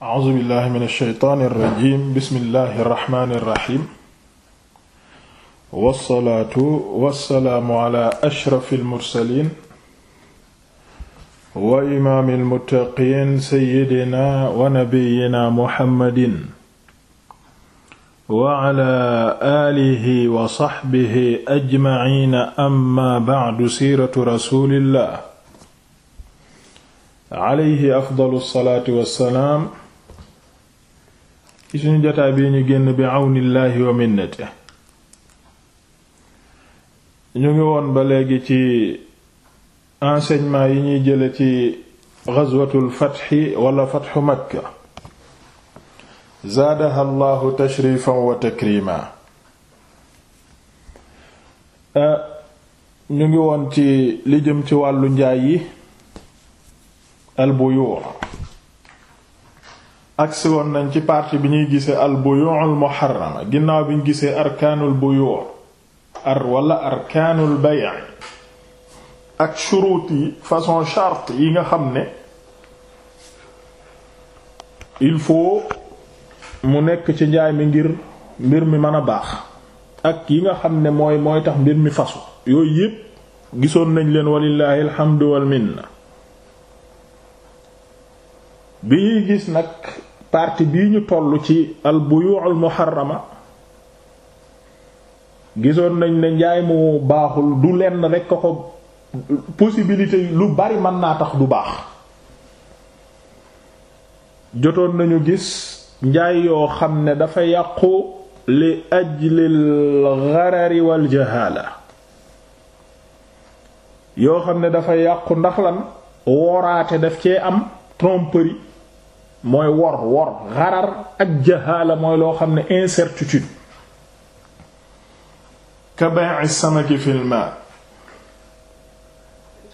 a'uuzu billahi min alsheytaan alrajim bismillahi arrahmani irrahim walsalaatu walsalaamu ala ashraf almursalin wa imaami almuttaqiin seyidina wa nabiyina muhammadin wa ala aalihi wa saxbihi ajmaciina amma bacdu siiratu rasulillah alayhi afdalu salaatu wassalaam ci suñu jotaay bi ñu génn bi àwnillaahi wa minnati ñu ngi woon ba léegi ci enseignement yi ñuy jële ci ghazwatul fatxi wala fatxu makka zaadaha allahu tashrifan wa takrima ah, ñu ngi woon ci li jëm ci wàllu njaay yi al agsi woon nañ ci partie bi ñuy gisee al buyu'ul muharrama ginnaaw bi ñu gisee arkaanul buyu' ar wala arkaanul bay' ak shuruut yi façon charte yi nga xam ne il faut mu nekk ci njaay mi ngir mbir mi mën a baax ak yi nga xam ne mooy mooy tax mbir mi fasu yooyu yépp gisoon nañ leen walillahi alhamdu wal bi ñuy gis nag partie bii ñu tollu ci al buyu'ul muharrama gisoon nañ ne njaay mu baaxul du lenn rekk ko ko possibilité lu bari mën naa tax du baax jotoon nañu gis njaay yoo xam ne dafa yàqu li ajlil gharari wal yoo xam ne dafa yàqu ndax lan woraate def cee am tromperie mooy wor wor xarar ak jahaala mooy loo xam ne incertitude ka bay'i samaki fil ma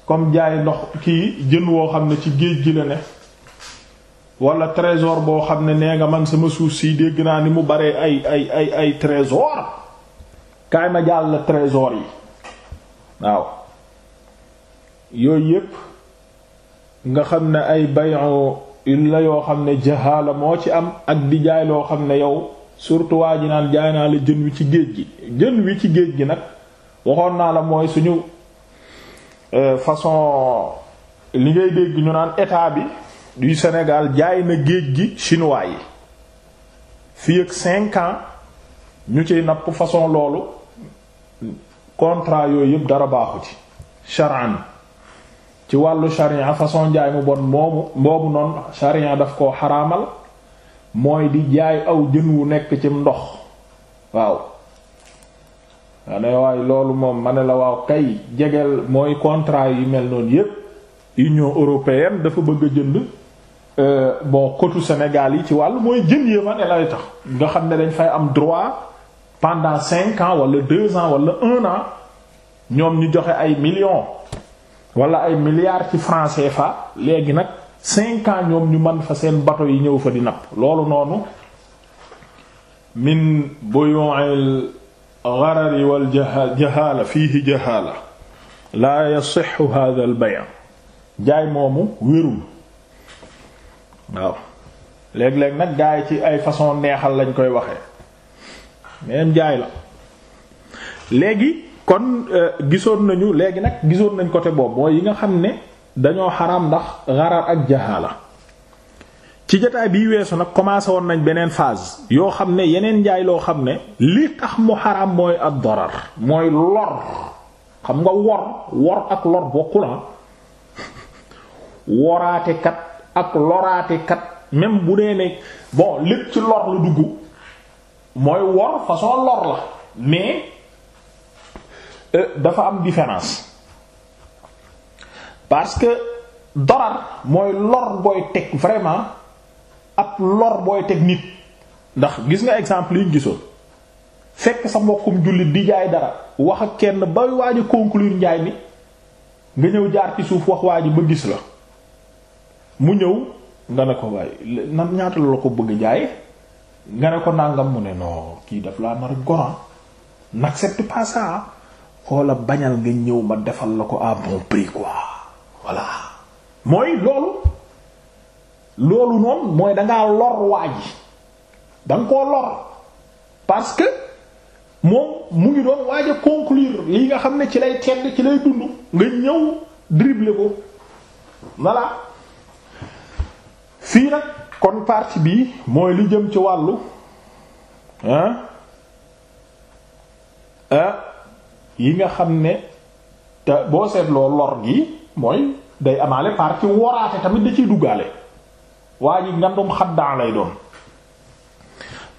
comme jaay ndox kii jën woo xam ne ci géej gi la ne wala trésor boo xam ne nee nga man sama suuf si dégg naa ni mu bare ay ay ay ay trésor kaay ma jàll la trésor yi waaw yooyu yépp nga xam ne ay bay'u une la yoo xam ne jahaala moo ci am ak di jaay loo xam ne yow surtout waa ji naan jaay naa la jën wi ci géej gi jën wi ci géej gi nag waxoon naa la mooy suñu euh, façon li ngay dégg ñu naan état bi du Sénégal jaay na géej gi chinois yi fii ak cinq ans ñu ciy napp façon loolu contrat yooyu yëpp dara baaxu ci charan ci wàllu sharia façon njaay mu bon moomu boobu noonu sharia daf koo xaraamal mooy di jaay aw jën wu nekk ci ndox waaw nga waay loolu moom ma la waaw kay jegeel mooy contrat yu mel noonu yépp Union européenne dafa bëgg a jënd euh, bon côté Sénégal yi ci wàllu mooy jën yi ma ne lay tax nga xam ne dañ fay am droit pendant cinq ans wala deux ans walla un an ñoom ñu joxe ay millions wala ay milliards ci francs fa léegi nag cinq ans ñoom ñu man fa seen bateau yi ñëw fa di napp loolu noonu min buyu'il gharari wal jahala fiihi jahala la yasihhu hadha jaay moomu wérul waaw léegi léeg nag gaa yi ci ay façon neexal lañ koy waxee même jaay la léegi kon euh, gisoon nañu léegi nag gisoon nañ côté boobu mooy yi nga xam ne dañoo xaraam ndax garar ak jahaala ci jotaay bii weesu nag commencé woon nañ beneen phase yoo xam ne yeneen njaay loo xam ne li tax mu xaraam mooy ad darar mooy lor xam nga wor wor ak lor bokkul ah. woraate kat ak loraate kat même bu dee ne bon lépp ci lor lu dugg mooy wor façon lor la mais Euh, dafa am différence parce que darar mooy lor booy teg vraiment ab lor booy teg nit ndax gis nga exemple yi gisoo fekk sa mbokkum jullit di jaay dara wax ak kenn bay waaj a njaay mi nga ñëw jaar ci suuf wax waa ba gis la mu ñëw nga ne ko waaye nan ñaata la ko bëgg jaay nga ne ko nangam mu ne noo kii daf laa nar a goran ah. n'accepte pas ah. xoola bañal nga ñëw ma defal la ko à bon prix quoi voilà mooy loolu loolu noonu mooy dangaa lor waa danga koo lor parce que moom mu ngi doon waaj a conclure li nga xam ne ci lay tedd ci lay dund nga ñëw dribbler ko voilà fii nag kon partie bi mooy lu jëm ci wàllu ah yi nga xam ne te boo seetloo lor gi mooy day amaale par tamit da ciy duggaale waa ji ngandum xaddaan lay doon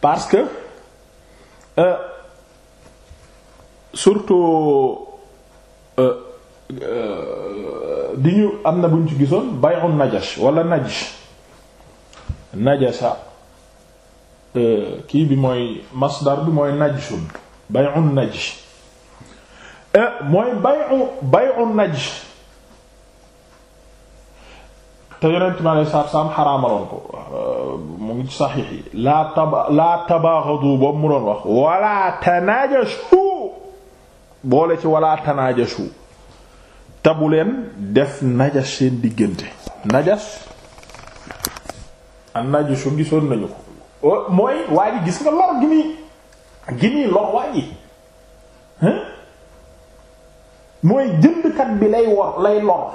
parce que euh, surtout euh, euh, di ñu am na buñ ci gisoon bay'un najash wala najash najasha kii bi mooy masdar bi mooy najshun bay'un najash Eh, mooy bayu bayu naj te yonent mi alei satu salaam xaraamaloon ko mu ngi saxiix yi laa taba boobu mu doon wax wala tanajashu boole ci wala tanajashu tabu leen def najas seen diggante najas an najashu gisoon nañu ko eh, mooy waa ji gis nga lor gi muy gi muy lor waa mooy jëndkat bi lay wor lay lor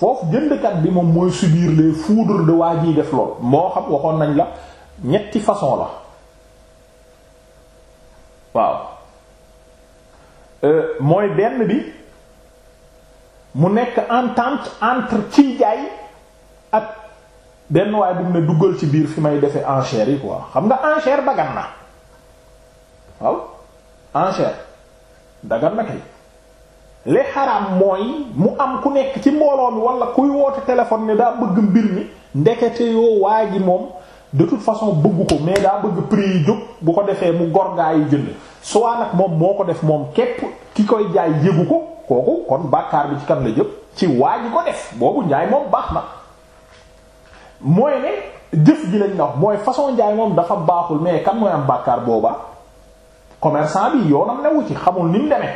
foofu jëndkat bi moom mooy subir les foudres de waa jiy def lool moo xam waxoon nañ la ñetti façon la waaw euh, mooy benn bi mu nekk en entente entre ciy jaay ak benn waaye bu ne duggal ci biir fi may defee enchère yi quoi xam nga enchère bagan na waaw enchère dagan na kay li xaram mooy mu am ku nekk ci mbooloo mi wala kuy woote téléphone ne daa bëgg mbir mi ndekete yoo waa ji moom de toute façon bëggu ko mais daa bëgg prix yi jóg bu ko defee mu gor gaa yi jënd soit nag moom moo ko def moom képp ki koy jaay yëgu ko kooku kon bàkkaar bi ci kan la jëpp ci waa ji ko def boobu njaay moom baax na mooy ne jëf ji lañ na wax mooy façon njaay moom dafa baaxul mais kan mooy am bàkkaar booba commerçant bi yoonam newu ci xamul ni demee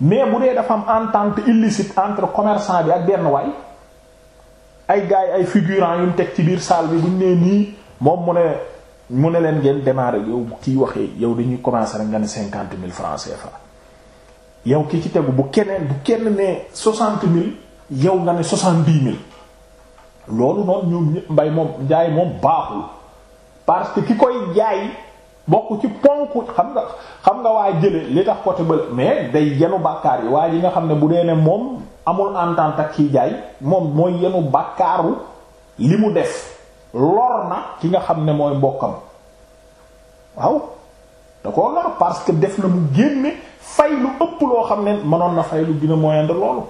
mais bu dee dafa am entente illicite entre commerçant bi ak benn waay ay gars yi ay figurants yu mu teg ci biir salle bi bu ñu nee nii moom mu ne mu ne leen ngeen démarrer yow kiy waxee yow dañuy commencer rek nga ne cinquante mille francs fa yow kii ci tegu bu keneen bu kenn ne soixante mille yow nga ne soixante-dix mille loolu noonu ñoom mbay moom jaay moom baaxul parce que ki koy jaay. bokk ci ponk xam nga xam nga waa jële li tax côté bële mais day yenu bàkkaar yi waaye yi nga xam ne bu dee ne moom amul entente ak kii jaay moom mooy yenu bàkkaaru li mu def lor na ki nga xam ne mooy mbokkam waaw da ko lor parce que def na mu génne fay lu ëpp loo xam ne mënoon na fay lu gën a moyande loolu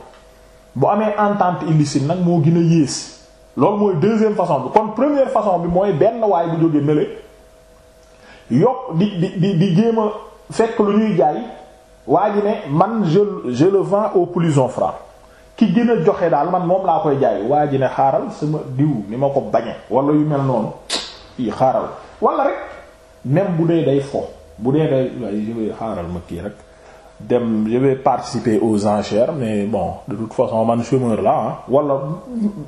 bu amee entente illicite nag moo gën a yées loolu mooy deuxième façon bi kon première façon bi mooy benn waay bu jóge nële yokk di bi di di jéem a fekk lu ñuy jaay waa ji ne man je je le au plus offrant ki gën a joxe daal man moom laa koy jaay waa ji ne xaaral sama diw ni ma ko bañe wala yu mel noonu i xaaral wala rek même bu dee day fo bu dee day waaye je xaaral ma kii rek dem je vais participer aux enchères mais bon de toute façon man chômeur la ah wala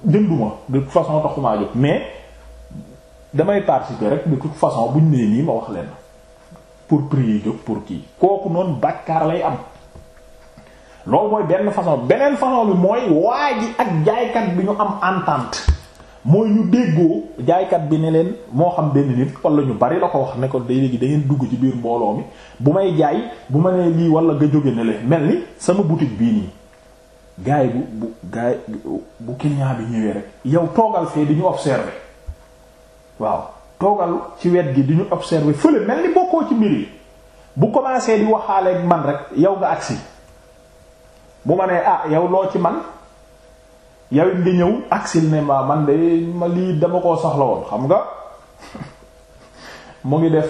jënduma de toute façon taxumaa jóg mais damay participer rek de toute façon ñu nee nii ma wax leen pour prier jóg pour kii kooku noonu bàkkaar lay am loolu mooy benn façon beneen façon bi mooy waa ji ak jaaykat bi ñu am entente mooy ñu déggoo jaaykat bi ne leen moo xam benn nit wala ñu bari la ko wax ne ko day léegi da ngeen dugg ci biir mbooloo mi bu may jaay bu ma nee lii wala nga jóge ne leen mel ni sama boutique bii nii gaay bu bu gaay bu client bi ñëwee rek yow toogal fee di ñu observer waaw toogal ci wet gi di ñu observer fële mel ni bokkoo ci mbir yi bu commencé di waxaaleeg man rek yow nga agsi bu ma nee ah yow loo ci man yow it nga ñëw agsil ne ma man de ma lii dama koo soxla woon xam nga mu ngi def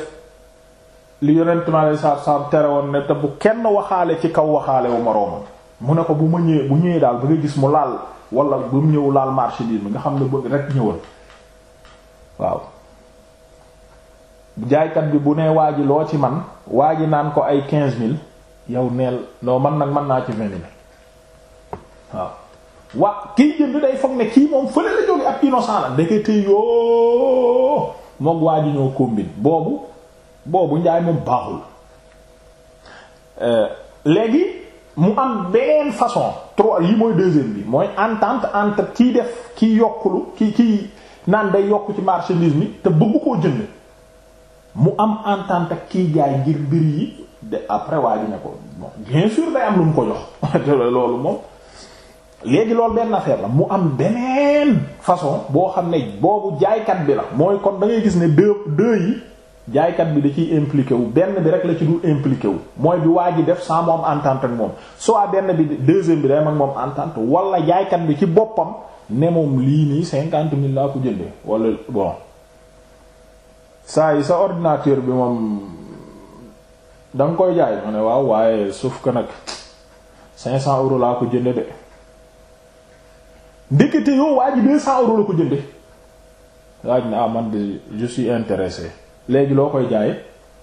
li yonent ma lay saab saab tere woon ne te bu kenn waxaale ci kaw waxaale wu moroomam mu ne ko bu mu ñëwee bu ñëwee daal ba nga gis mu laal wala bu mu ñëw laal marché bi nga xam ne bëgg rek ñëwal waaw jaaykat bi bu nee waa loo ci man waa ji naan ko ay quinze mille yow neel non man nag mën naa ci vingt mille waaw waa kiy jënd day foog ne kii moom fële la jóge ab innocent la ndekete yoo moog waa ji boobu boobu njaay moom baaxul euh, léegi mu am beneen façon trois yi mooy deuxième bi mooy entente entre kiy def kiy yokkulu ki kiy naan day yokk ci marchandise mi te bëgg koo jënd mu am entent ak kii jaay ngir mbir yi de après waa ji ne ko bon bien sûr day am lu mu ko jox loolu moom léegi loolu benn affaire la mu am beneen façon boo xam ne boobu jaaykat bi la mooy kon da ngay gis ne deux deux yi jaaykat bi da ciy impliqué wu benn bi rek la ci dul impliqué wu mooy bi waa ji def sans moom entente ak moom soit benn bi deuxième bi day mag moom entente wala jaaykat bi ci boppam ne lii nii cinquante mille laa ko jënde wala bon saa yi sa ordinateur bi moom da koy jaay ma waaw waaye suuf que nag cinq cent euro laa ko jënde de ndekete yow waa ji deux cent euros la ko jënde waa ne ah man de je suis intéressé léegi loo koy jaay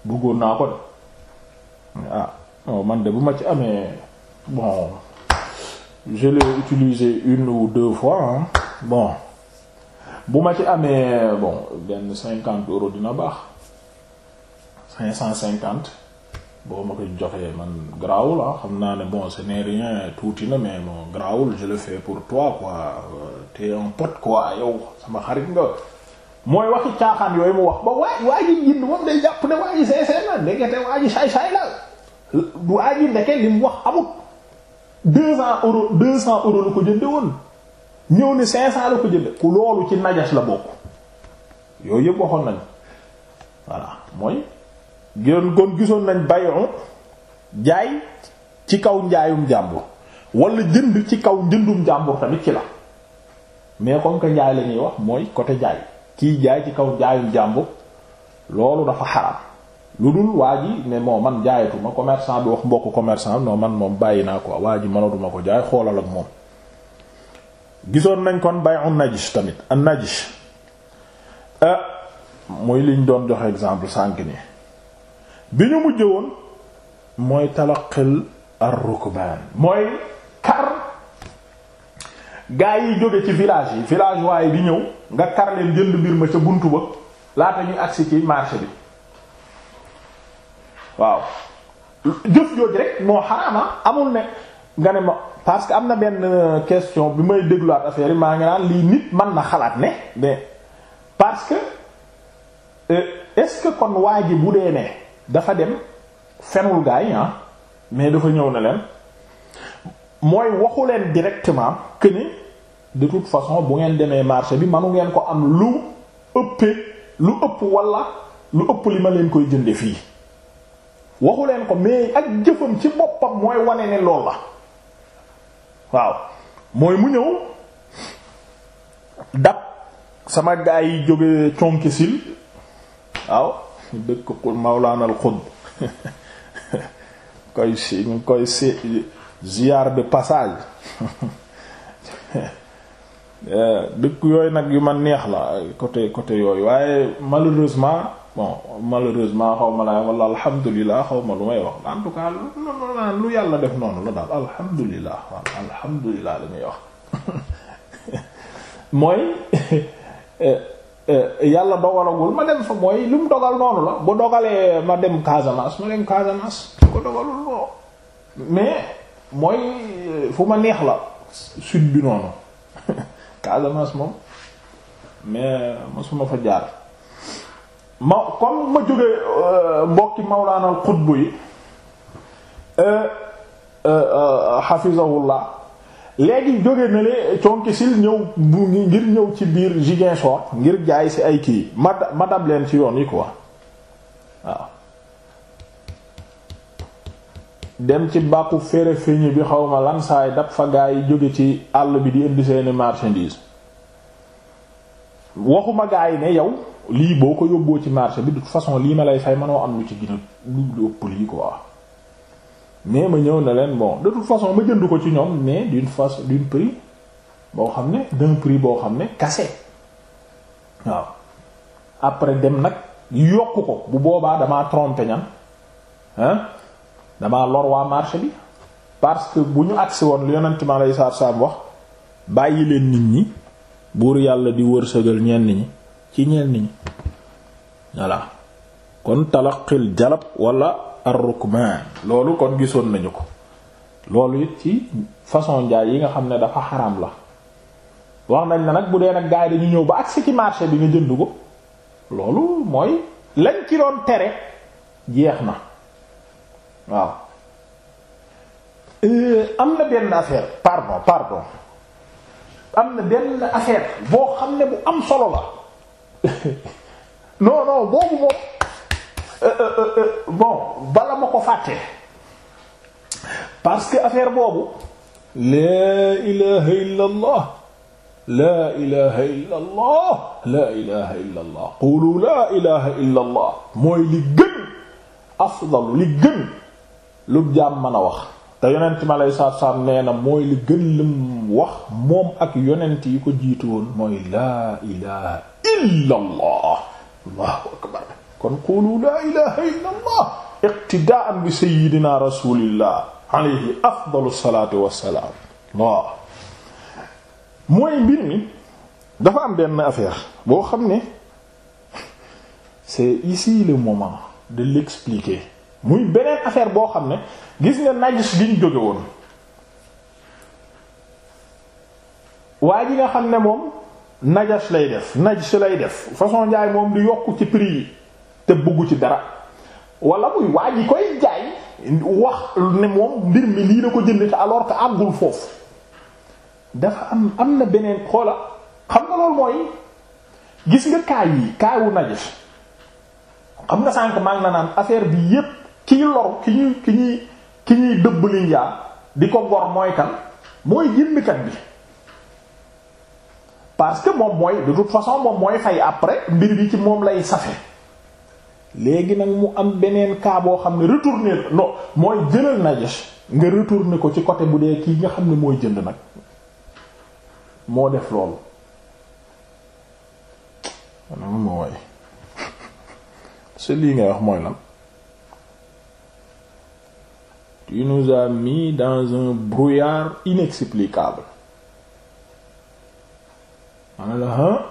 buggoon naa ko de ah non man de bu ma ci amee bon je l'ai utilisé une ou deux fois bon bu ma ci amee bon benn cinquante euros dina baax cinq cent cinquante boo ma ko joxee man grawul ah. xam naa ne bon ce n'est rien tuuti na mais bon grawul je le fais pour trois quoi euh, t'es un pote quoi yow sama xarit nga mooy waxi caaxaan yooyu mu wax ba waay waa ji moom day jàpp ne waa ji seesee la ndekete waa ji saay-saay la waa ji ndeke li mu wax amut deux cents euros deux cents euros la ko jënde woon ñëw ne cinq cents la ko jënde ku loolu ci najas la bokk yooyu yëpp waxoon nañ voilà mooy gisoon kon gisoon nañ bayon jaay ci kaw njaayum jàmbur wala jënd ci kaw njëndum jàmbur tamit ci la mais kon que njaay la ñuy wax mooy côté jaay kiy jaay ci kaw njaayum jàmbur loolu dafa xaram lu dul waa ji ne moo man jaayatuma commerçant bi wax mbokk commerçant non man moom bàyyi naa ko waa ji mënatuma ko jaay xoolal ak moom gisoon nañ kon bay'un najis tamit an najis ah muy liñ doon joxe exemple sànk ni bi ñu mujje woon mooy talaqil ar-rukbaan mooy kar gaa yi jóge ci village yi village waaye bi ñëw nga kar leen jënd mbir ma ca buntu ba laata ñuy agsi ci marché bi waaw jëf jooju rek moo xaraama ah. amul ne nga ne ma parce que am na benn euh, question bi may dégluwaat affaire yi maa ngi naan lii nit man na xalaat ne mais parce que euh, est-ce que kon waa ji bu dee ne dafa dem fenul gaa yi ah, mais dafa ñëw na leen mooy waxu directement que ni de toute façon bu ngeen demee marché bi manu ngeen ko am lu ëppee lu ëpp walla lu ëpp li ma leen koy jënde fii. waxu leen ko mais ak jëfam ci boppam mooy wane ne lool la waaw mooy mu ñëw dab sama gaa yi jóge conkisil waaw dëkk xul mawlaanal xud koy si ñu koy si ziar de passage eh, dëkk yooyu nag yu ma neex la côté côté yooyu waaye malheureusement bon malheureusement xaw ma laa wala alhamdulilah xaw ma lu may wax en tout cas lu yàlla def noonu la daal alhamdulilah waaw alhamdulilah la ñuy wax mooy eh, eh, yàlla dogalagul mooy lu mu dogal noonu la bu dogalee ma dem Casamance ma dem Casamance su ko dogalul loo mais mooy eh, fu ma neex la sud bi noonu Casamance fa jaar. ma comme ma jógee euh, mbokki mawlaanal xutbu yi euh, euh, hafizahullah léegi jóge na le conki ñëw bu ngir ñëw ci biir Ziguinchor ngir jaay ci ay kii ma ma dab leen ci yoon yi ko waaw dem ci bàkku fere feñi bi xaw ma lan saay fa gaa jóge ci àll bi di indi seeni marchandise waxuma gaa yi ne yow lii boo ko yóbboo ci marché bi de toute façon lii ma lay fay mënoo am lu ci gën lu ëpp lii quoi mais ma ñëw na leen bon de toute façon ma jënd ko ci ñoom mais d'une façon d'une prix boo xam ne d'un prix boo xam ne kase waaw après dem nag yokk ko bu boobaa damaa trompé ñan hein damaa lor waa marché bi parce que bu ñu agsi woon lu yonent ma lay saar saab wax bàyyi leen nit ñi buur yàlla di wërsëgal ñenn ñi ci ñenn ñi voilà kon talaqil jalab wala ar-rukban loolu kon gisoon nañu ko loolu it ci façon njaay yi nga xam ne dafa xaram la wax nañ na nag bu dee nag gaa yi dañu ñëw ba agsi ci marché bi nga jënd ko loolu mooy lañ ci doon tere jeex na waaw euh, am na benn affaire pardon pardon am na benn affaire boo xam ne bu am solo la non non boobu moom euh, euh, euh, bon bala ma ko fàtte parce que affaire boobu laa ilaha illa allah laa ilaha illa allah laa ilaha illa allah qulu laa ilaha illa allah mooy li gën afdalu li gën lu jaam mën a wax te yonent mi aleyhi salaatu salaam nee na mooy li gën lim wax moom ak yonent yi ko jiitu woon mooy laa ilaha illa allah allahu akbar kon qulu laa ilaha illa allah iqtidaan bi sayidina rasulillah afdalu salaatu waaw mooy mbir mi dafa am benn affaire boo xam ne c'est ici le moment de l'expliquer muy beneen affaire boo xam ne gis nga najis bi ñu jóge woon waa ji nga xam ne moom najes lay def najis lay def façon njaay moom di yokk ci prix yi te bëggu ci dara wala muy waa ji koy jaay wax ne moom mbir mi lii la ko jënd te alors que àggul foofu dafa am am na beneen xoola xam nga loolu mooy gis nga kaay yi kaay xam nga sànq maa na naan affaire bi yépp ki ñu ki ñuy ki ñuy ki ñuy dëbb liñ jaam di ko gor mooy kan mooy jëndkat bi parce que moom mooy de toute façon moom mooy fay après mbir bi ci moom lay safe léegi nag mu am beneen cas boo xam ne retourné non mooy jëlal Najash nga retourné ko ci côté bu dee kii nga xam ne mooy jënd nag moo def loolu man ma mooy lii ngay wax mooy lan tu nous as mis dans un brouillard inexplicable ma la ah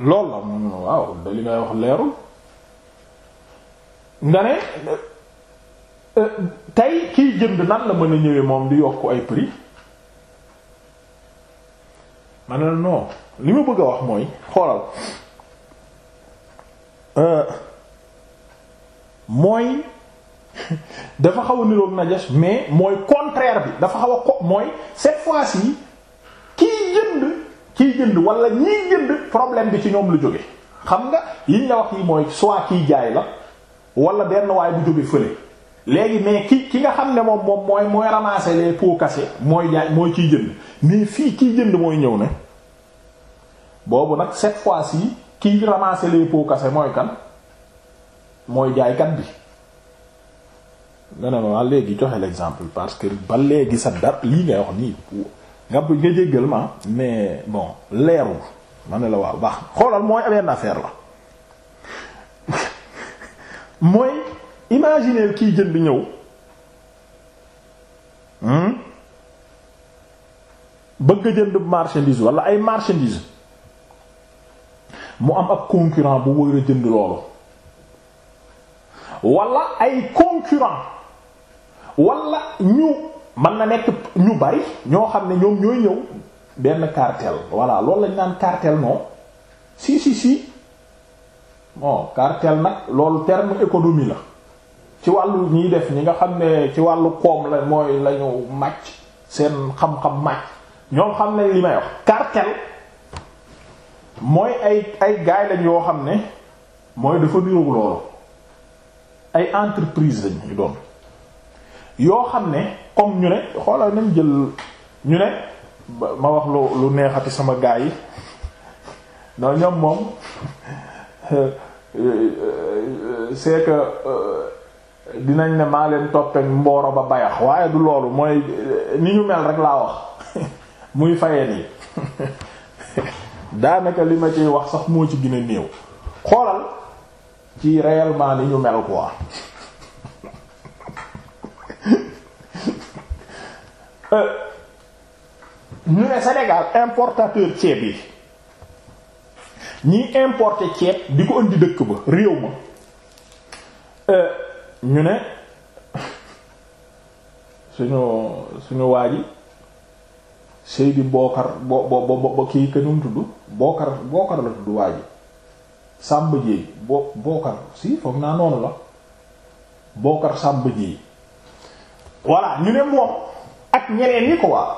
loolu la moom waaw da li ngay wax leerul nga ne euh, tey kiy jënd nan la mën a ñëwee moom di yokk ay prix ma ne la non li ma bëgg a wax mooy xoolal euh, mooy. dafa xaw a na najash mais mooy contraire bi dafa xaw a ko mooy cette fois-ci kiy jënd kiy jënd wala ñiy jënd problème bi ci ñoom lu jóge xam nga liñ la wax yi mooy soit kiy jaay la wala benn waay bu jóge fële léegi mais ki nga xam ne moom moom mooy mooy ramasser les pots cassés mooy jaay mooy kiy jënd mais fii kiy jënd mooy ñëw ne boobu nag cette fois-ci kiy ramasser les pots kase mooy kan mooy jaaykat bi nga ne léegi joxe l'exemple parce que ba léegi sa date lii ngay wax nii nga nga jéggal ma mais bon leerul ma ne la waaw baax xoolal mooy benn affaire la mooy imaginer kiy jënd ñëw hmm? bëgg jënd marchandise wala ay marchandise mu am ak concurrent bu wër a jënd loolu wala ay concurrent wala ñu mën na nekk ñu bari ñoo xam ne ñoom ñooy ñëw benn cartel voilà loolu lañ naan cartel non si si si bon cartel nag loolu terme économie la ci wàllu ñuy def ñi nga xam ne ci wàllu koom la mooy la ñu seen xam-xam màcc ñoom xam ne li may wax cartel mooy ay ay gaay lañ yoo xam ne mooy dafa niroog loolu ay entreprise lañ ñu doon yoo xam ne comme ñu ne xoolal nañ jël ñu ne ma wax lu lu neexati sama gaa yi non ñoom moom euh, euh, c'est que euh, dinañ ne maa leen toppee mbooro ba bayax waaye du loolu mooy ni ñu mel rek laa wax muy fayeen yi daanaka li ma ciy wax sax moo ci gën néew xoolal ci réellement ni ñu mel quoi Euh, ñu ne Sénégal importateur ceeb yi ñi importer ceeb di ko indi dëkk ba réew ma euh, ñu ne suñu suñu waa ji Seydi Bokar bo bo bo bo kii kenum tudd Bokar Bokar la tudd waa ji Samba Dieye bo Bokar si foog naa noonu la Bokar Samba Dieye voilà ñu ne moom. ak ñeneen ñi ko waa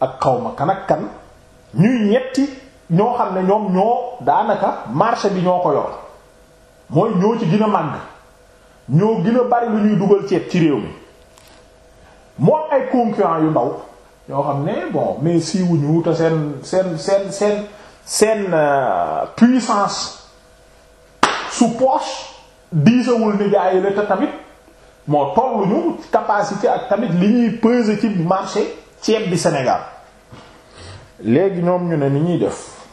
ak xawma kan ak kan ñuy ñetti ñoo xam ne ñoom ñoo daanaka marché bi ñoo ko yor mooy ñoo ci gën a màgg ñoo gën a bari lu ñuy dugal ceeb ci réew mi moo ay concurrents yu ndaw ñoo xam ne bon mais siiwuñu te seen seen seen seen seen euh, puissance su poche diisawul ni la te tamit moo tolluñu capacité ak tamit li ñuy peser ci marché ceeb bi Sénégal léegi ñoom ñu ne ni ñuy def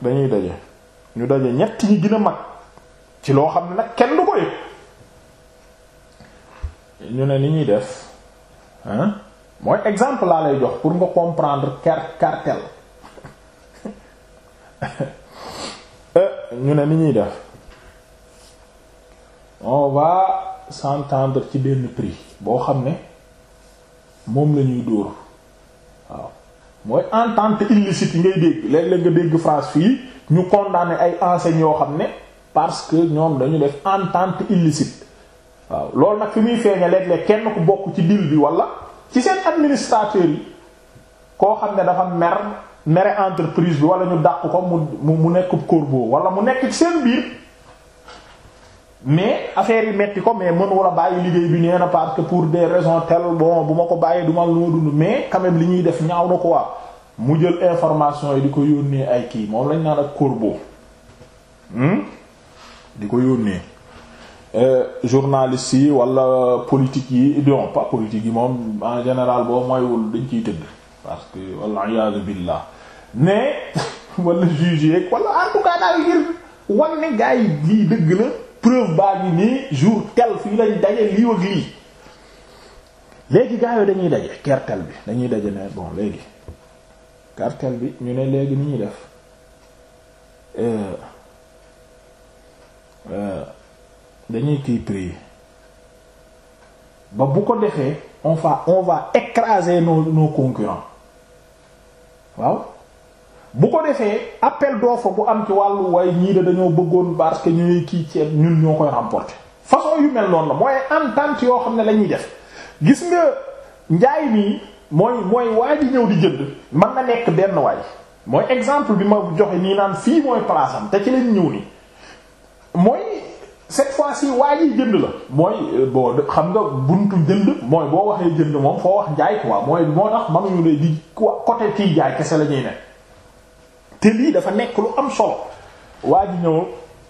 dañuy daje ñu daje ñett ñi gën mag ci loo xam ne nag kenn du ko yëg ñu ne ni ñuy def moo mooy exemple laa lay pour nga comprendre car cartel euh, ñu ne ni ñuy def s'entendre ci benn prix boo xam ne moom la ñuy dóor waaw mooy entente illicite yi ngay dégg léeg-léeg nga dégg France fii ñu condamné ay enseignes yoo xam ne parce que ñoom dañu def entente illicite waaw loolu nag fi muy feeña léeg-léeg kenn ku bokk ci deal bi wala ci seen administrateur yi koo xam ne dafa mer mere entreprise bi wala ñu dàq ko mu mu nekk corbeau wala mu nekk ci seen biir. mais affaire yi metti ko mais mënu la bàyyi liggéey bi nee na parce que pour des raisons telles bon bu ma ko bàyyee du ma lu ma dund mais quand li ñuy def ñaaw na ko waa mu jël information yi di ko yónnee ay kii moom lañ naan ak corbeau hmm? di ko yónnee euh, journalistes yi wala politique yi non pas politique yi moom en général boo mooywul dañ ciy tëdd parce que wala iyasu billah mais wala juge yeeg wala en tout cas daal ne gars yi lii dëgg la preuve baa ngi nii jour tel fii lañ daje lii ak lii léegi gaa dañuy daje kertel bi dañuy daje ne bon léegi kertel bi ñu ne léegi ni ñuy def euh, euh, dañuy kii prier ba bu ko defee on va on va écraser nos nos concurrents waaw bu ko defee appel d'offre bu am ci wàllu waaye ñii de dañoo bëggoon parce que ñuy kii ceeb ñun ñoo koy remporter façon yu mel noonu la mooy entente yoo xam ne la def gis nga njaay mi mooy mooy waa ñëw di jënd man na nekk benn waay mooy exemple bi ma joxe nii naan fii mooy place te ci lañ ñëw nii mooy cette fois-ci waa ji jënd la mooy euh, boo xam nga buntu jënd mooy boo waxee jënd moom foo wax njaay quoi mooy moo tax ñu ne di côté kii kese la ñuy ne te lii dafa nekk lu am solo waa ji ñëw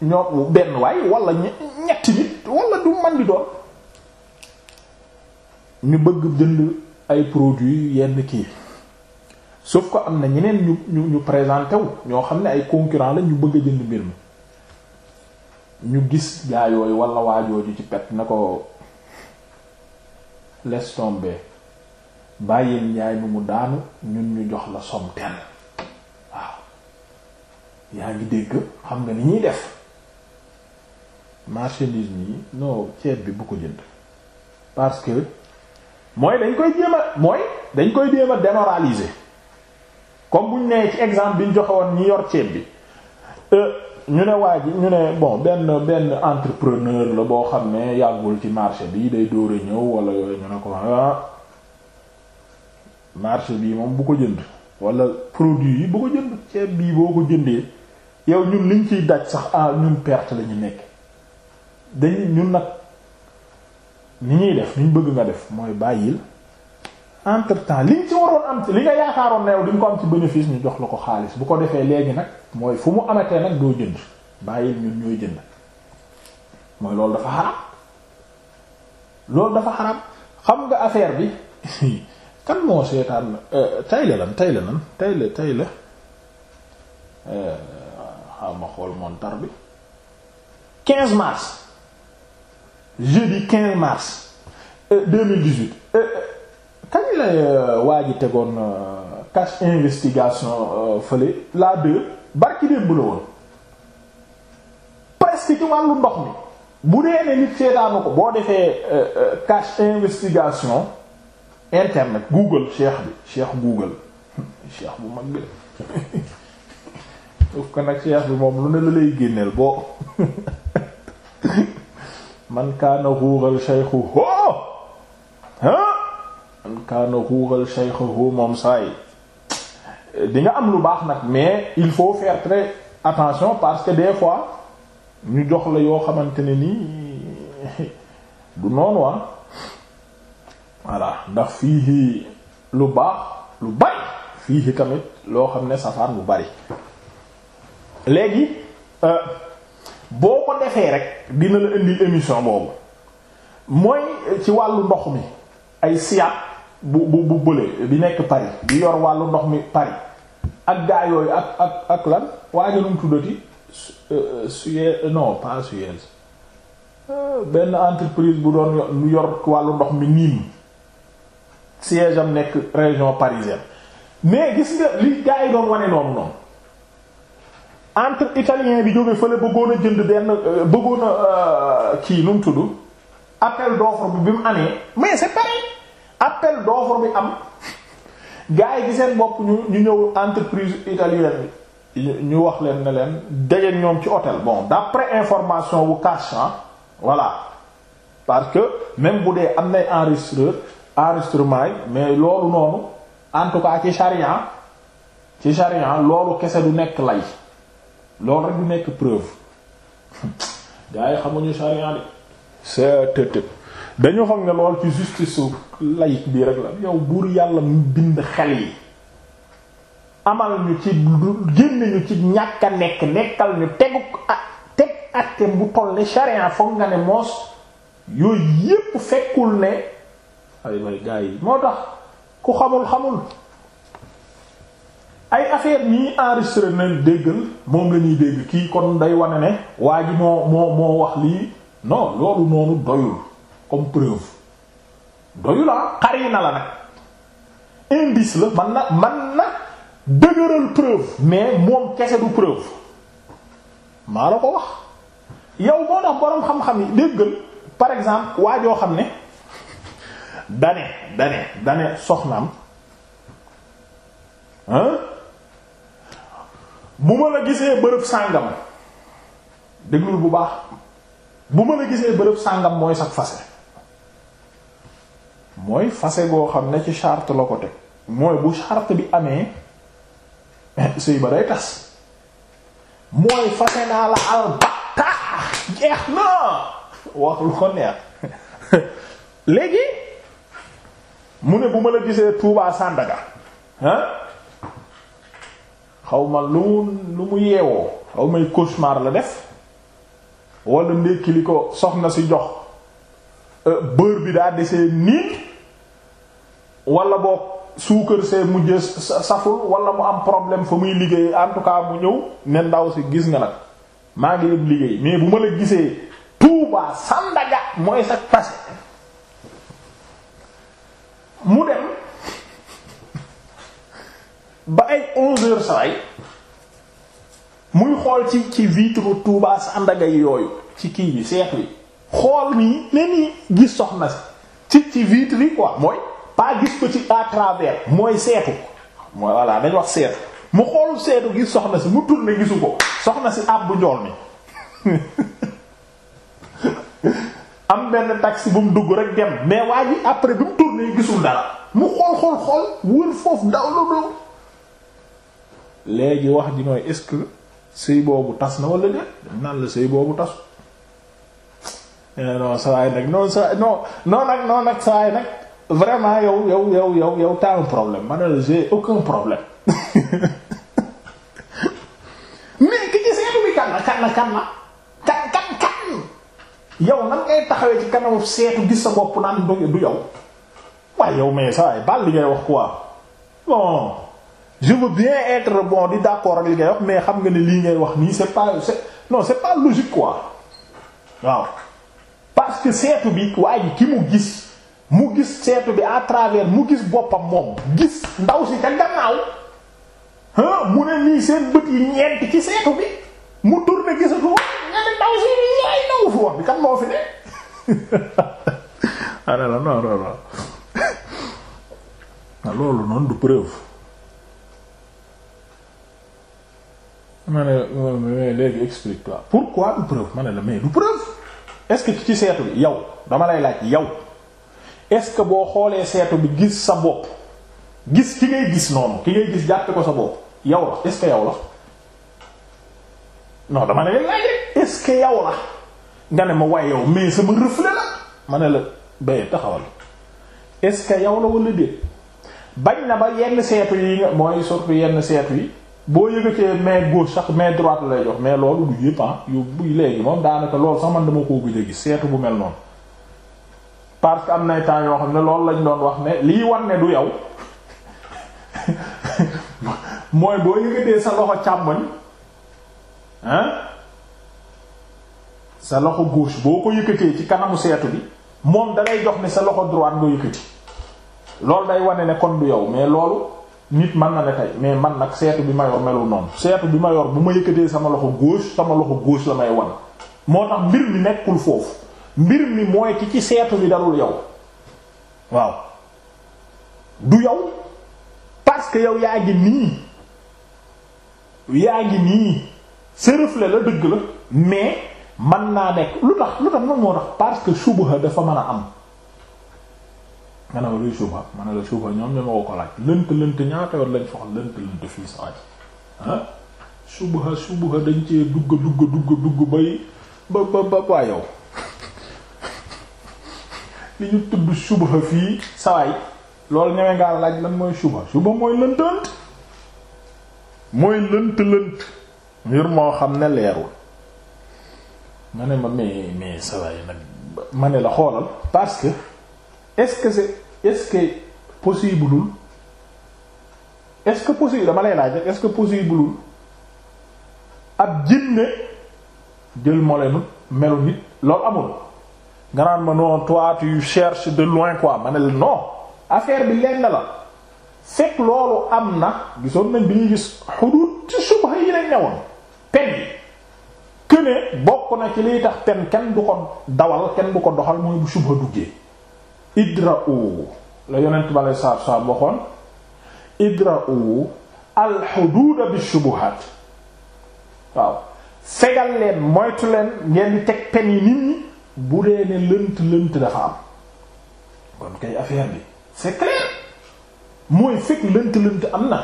ñoo benn waay wala ñetti nit wala du man di doon ñu bëgg jënd ay produits yenn kii sauf ko am na ñeneen ñu ñu ñu présenté wu ñoo xam ne ay concurrent la ñu bëgg a jënd mbir mi ñu gis gaa yooyu wala waajooju ci pet na ko laisse tomber bàyyeen njaay mi mu daanu ñun ñu jox la somme telle yaa ngi dégg xam nga ni ñuy def marchandise yi non ceeb bi bu ko jënd parce que mooy dañ koy jéem mooy dañ koy jéem a démoraliser comme buñ nee ci exemple bi ñu joxe woon ñi yor ceeb bi euh, ñu ne waa ji ñu ne bon benn benn entrepreneur la boo xam ne yàggul ci marché bi day dóore ñëw wala ñu ne ko ah marché bii moom bu ko jënd wala produit yi bu ko jënd ceeb bii boo ko jëndee yow ñun liñ ciy daj sax ah ñun perte lañu nekk dañ ñun nag ni ñuy def ni ñu bëgg nga def mooy bàyyil entre temps liñ ci waroon am ci li nga yaakaaroon na yow di ko am ci bénéfice ñu jox la ko xaalis bu ko defee léegi nag mooy fu mu amatee nag doo jënd bàyyil ñun ñooy jënd mooy loolu dafa xaram loolu dafa xaram xam nga affaire bi kan moo seetaan euh, tay la lan tay la la euh, xaaral ma xool montar bi 15 mars jeudi 15 mars 2018 euh, euh, euh, kañ la waa ji tegoon cache investigation fële la deux barki démb la woon presque ci wàllu ndox mi bu dee ne nit seetaanu ko boo defee cache investigation internet Google cheikh bi cheikh Google cheikh bu mag bi suuf ko nag cheikh bi moom lu ne la lay génneel boo man kaana xuuxal cheikhu ho ha man kaana xuuxal cheikhu ho moom saay di nga am lu baax nag mais il faut faire très attention parce que des fois ñu jox la yoo xamante ne nii du noonu waa ah. voilà ndax fii lu baax lu bari fii tamit loo xam ne safaan bu bari léegi euh, boo ko defee rek dina la indil émission boobu mooy euh, ci wàllu ndox mi ay siyaat bu bu bu bële bi nekk Paris bi yor wàllu ndox mi Paris ak gaa ak ak ak lan waaye nu mu tuddati euh, Suez non pas Suez benn entreprise bu doon yor wàllu ndox mi Nîmes siège am nekk région parisienne mais gis nga li gaa yi doon wane noonu noonu. entre italien bi jóge fële bëggoon a jënd benn euh, bëggoon a euh, kii nu mu tudd appel d'offre bi bi mu amee mais c'est pareil appel d'offre bi am gars yi gi seen bopp ñu ñëw entreprise italienne bi ñu wax leen ne leen dajeek ñoom ci hôtel bon d'après information bu cachan voilà parce que même bu dee am nay enregistreur enregistrement yi mais loolu noonu en tout cas ci charia ci charia loolu kese du nekk lay loolu rek du nekk preuve gars yi xamuñu charia de c'est tëtëb dañu xam ne lool ci justice su laïc bi rek la yow buur yàlla mu bind xel yi amal ñu ci génn ñu ci ñàkk a nekk nekkal ñu tegu ak teg atte bu toll ne charia foog nga ne moos yooyu yépp fekkul ne ay way gars yi moo tax ku xamul xamul ay affaire nii enregistré nañ déggal moom la ñuy dégg kii kon day wane ne waa ji moo moo wax lii non loolu noonu doyul comme preuve doyul ah, xari na la nag indice la man na man na dëgëral preuve mais moom kese du preuve maa la ko wax yow moo tax boroom xam-xam yi déggal par exemple waa joo xam ne dane dane dane soxnaam bu ma la gisee bërëb sàngam déglul bu baax bu ma la gisee bërëb sàngam mooy sax fase mooy fase goo xam ne ci charte la ko teg mooy bu charte bi amee sëy ba day tas mooy fase naa la albata jeex na wax lu ko neex léegi mu ne bu ma la gisee Touba Sandaga ah xaw ma lu mu lu mu yeewoo xaw may la def wala ndékki li ko soxna si jox euh, bër bi daa desee nii wala boog suukar see mujj saful wala mu am problème fa muy liggéey en tout cas mu ñëw ne ndaw si gis nga nag maa ngi yëpp liggéey mais bu ma la gisee Touba Sandaga mooy sa passé mu dem ba ay onze heures saray muy xool ci ci vitre Touba Sandaga yooyu ci kii bi seex bi xool nii ne nii gis soxna si ci ci vitre yi quoi mooy pas gis ko ci à mooy seetu mooy voilà dañ wax seetu mu xool seetu gis soxna si mu tourné gisu ko soxna si bu njool mi am benn taxi bu mu dugg rek dem mais waa ji après bi mu tourné gisul dara mu xool xool xool wër foofu daw la léegi wax ji mooy est-ce que sëy boobu tas na wala déet naan la sëy boobu tas eh, non sawaay nag non sa non non nag non nag sawaay nag vraiment yow yow yow yow yow problème ma ne la j'ai aucun problème mais ki ci seetu bi kan la kan la kan la kan kan nan ngay taxawee ci kanamu seetu gis sa bopp naan du yow waaye yow mais sawaay bal ngay wax ko bon je bien être bon di d'accord ak li ngay wax mais xam nga ne lii ngay wax nii c'est pas c'est non c'est pas logique quoi waaw parce que seetu bi waa ji ki mu gis mu gis seetu bi à travers mu gis boppam moom gis ndaw si mu ne nii seen mu tourné gisatu ndaw si wax bi kan moo fi ne. Ah, ah, loolu noonu du preuve. ma ne mais léegi explique toi pourquoi du preuve ma ne la mais du preuve est-ce que ci seetu bi yow dama lay laaj yow est-ce que boo xoolee seetu bi gis sa bopp gis ki ngay gis noonu ki ngay gis jàppe ko sa bopp yow la est-ce yow la non dama ne la laaj rek est-ce que yow la nga ne ma waaye yow mais sama reflet ma ne la béyee taxawal est yow la wala déet bañ na ba yenn seetu yi nga mooy surtout yenn seetu yi boo yëgatee main gauche sax mais droite lay jox mais loolu du yëpp ah yu buy léegi moom daanaka loolu sax man dama koo gëj a seetu bu mel noonu parce que am na temps yoo xam ne loolu lañ doon wax ne lii wan ne du boo yëgatee sa sa loxo gauche boo ko yëkkatee ci kanamu seetu bi moom dalay jox ne sa loxo droite nga loolu day wane ne kon du yow mais loolu nit man na ne tey mais man nag seetu bi ma yor melu noonu seetu bi ma yor bu ma yëkkatee sama loxo gauche sama loxo gauche la may wan moo tax mbir mi nekkul foofu mbir mi mooy ki ci seetu bi dalul yow waaw du yow parce que yow yaa ngi nii yaa ngi nii sa reflet la dëgg la mais man naa nekk lu tax lu tax man moo tax parce que suba dafa mën a am nga ne ma luy suba ma ne la suba ñoom ñoo ma ko laaj lënt lënt ñaata yoon lañ soxla lënt lënt fii saa yi ah? suba suba dañ ci dugg dugg dugg dugg bay ba ba ba ba yow li ñu tudd suba fii saa loolu ñëwee ngaa laaj lan mooy suba suba mooy lënt lënt mooy lënt lënt mbir moo xam ne leerul ma ne ma mais mais saa nag ma ne la xoolal parce que est-ce est-ce que possible lul est-ce que possible dama lay laaj est-ce que possible lul ab jinne jël molenu melo nit loolu amul nga naan ma non toi tu cherches de loin quoi ma ne la non affaire bi lenn la fekk loolu am na gisoon nañ bi ñuy gis xuduut ci subha yi lañ newoon pen yi que bokk na ci liy tax pen kenn du ko dawal kenn du ko doxal mooy bu subha duggee idra'u la yonent bi aleyhi salaatu salaam waxoon idra'u alxuduuda bi shubuhaat waaw fegal leen moytu leen ngeen di teg pen yi nit ñi bu dee ne lënt lënt dafa am kon kay affaire bi c'est clair mooy fekk lënt lënt am na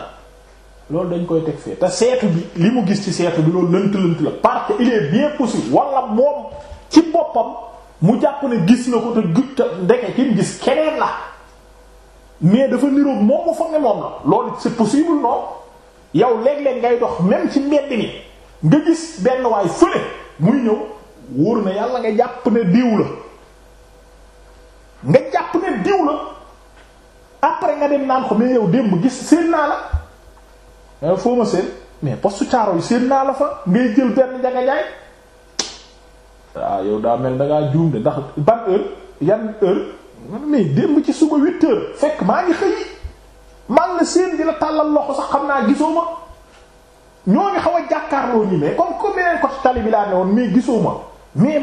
loolu dañ koy teg fee te seetu bi li mu gis ci seetu bi loolu lënt lënt la parce que il est bien possible wala moom ci boppam mu jàpp ne gis na ko te ju te ndeke ki gis keneen la mais dafa niroog moo ko foog ne moom la loolu c'est possible non yow léeg-léeg ngay dox même ci mbedd mi nga gis benn waay fële muy ñëw wóor na yàlla nga jàpp ne diw la nga jàpp ne diw la après nga dem naan ko mais yow démb gis seen naa la eh, foo ma seen mais postu caaro yi seen naa la fa ngay jël benn njaga ah yow daa mel da ngaa juum de ndax ban heure yan heure mais démb ci suba huit fekk maa ngi xëy man la seen di la tàllal loxo sax xam naa gisoo ma ñoo ngi xaw a jàkkaarloo ñi mais comme comme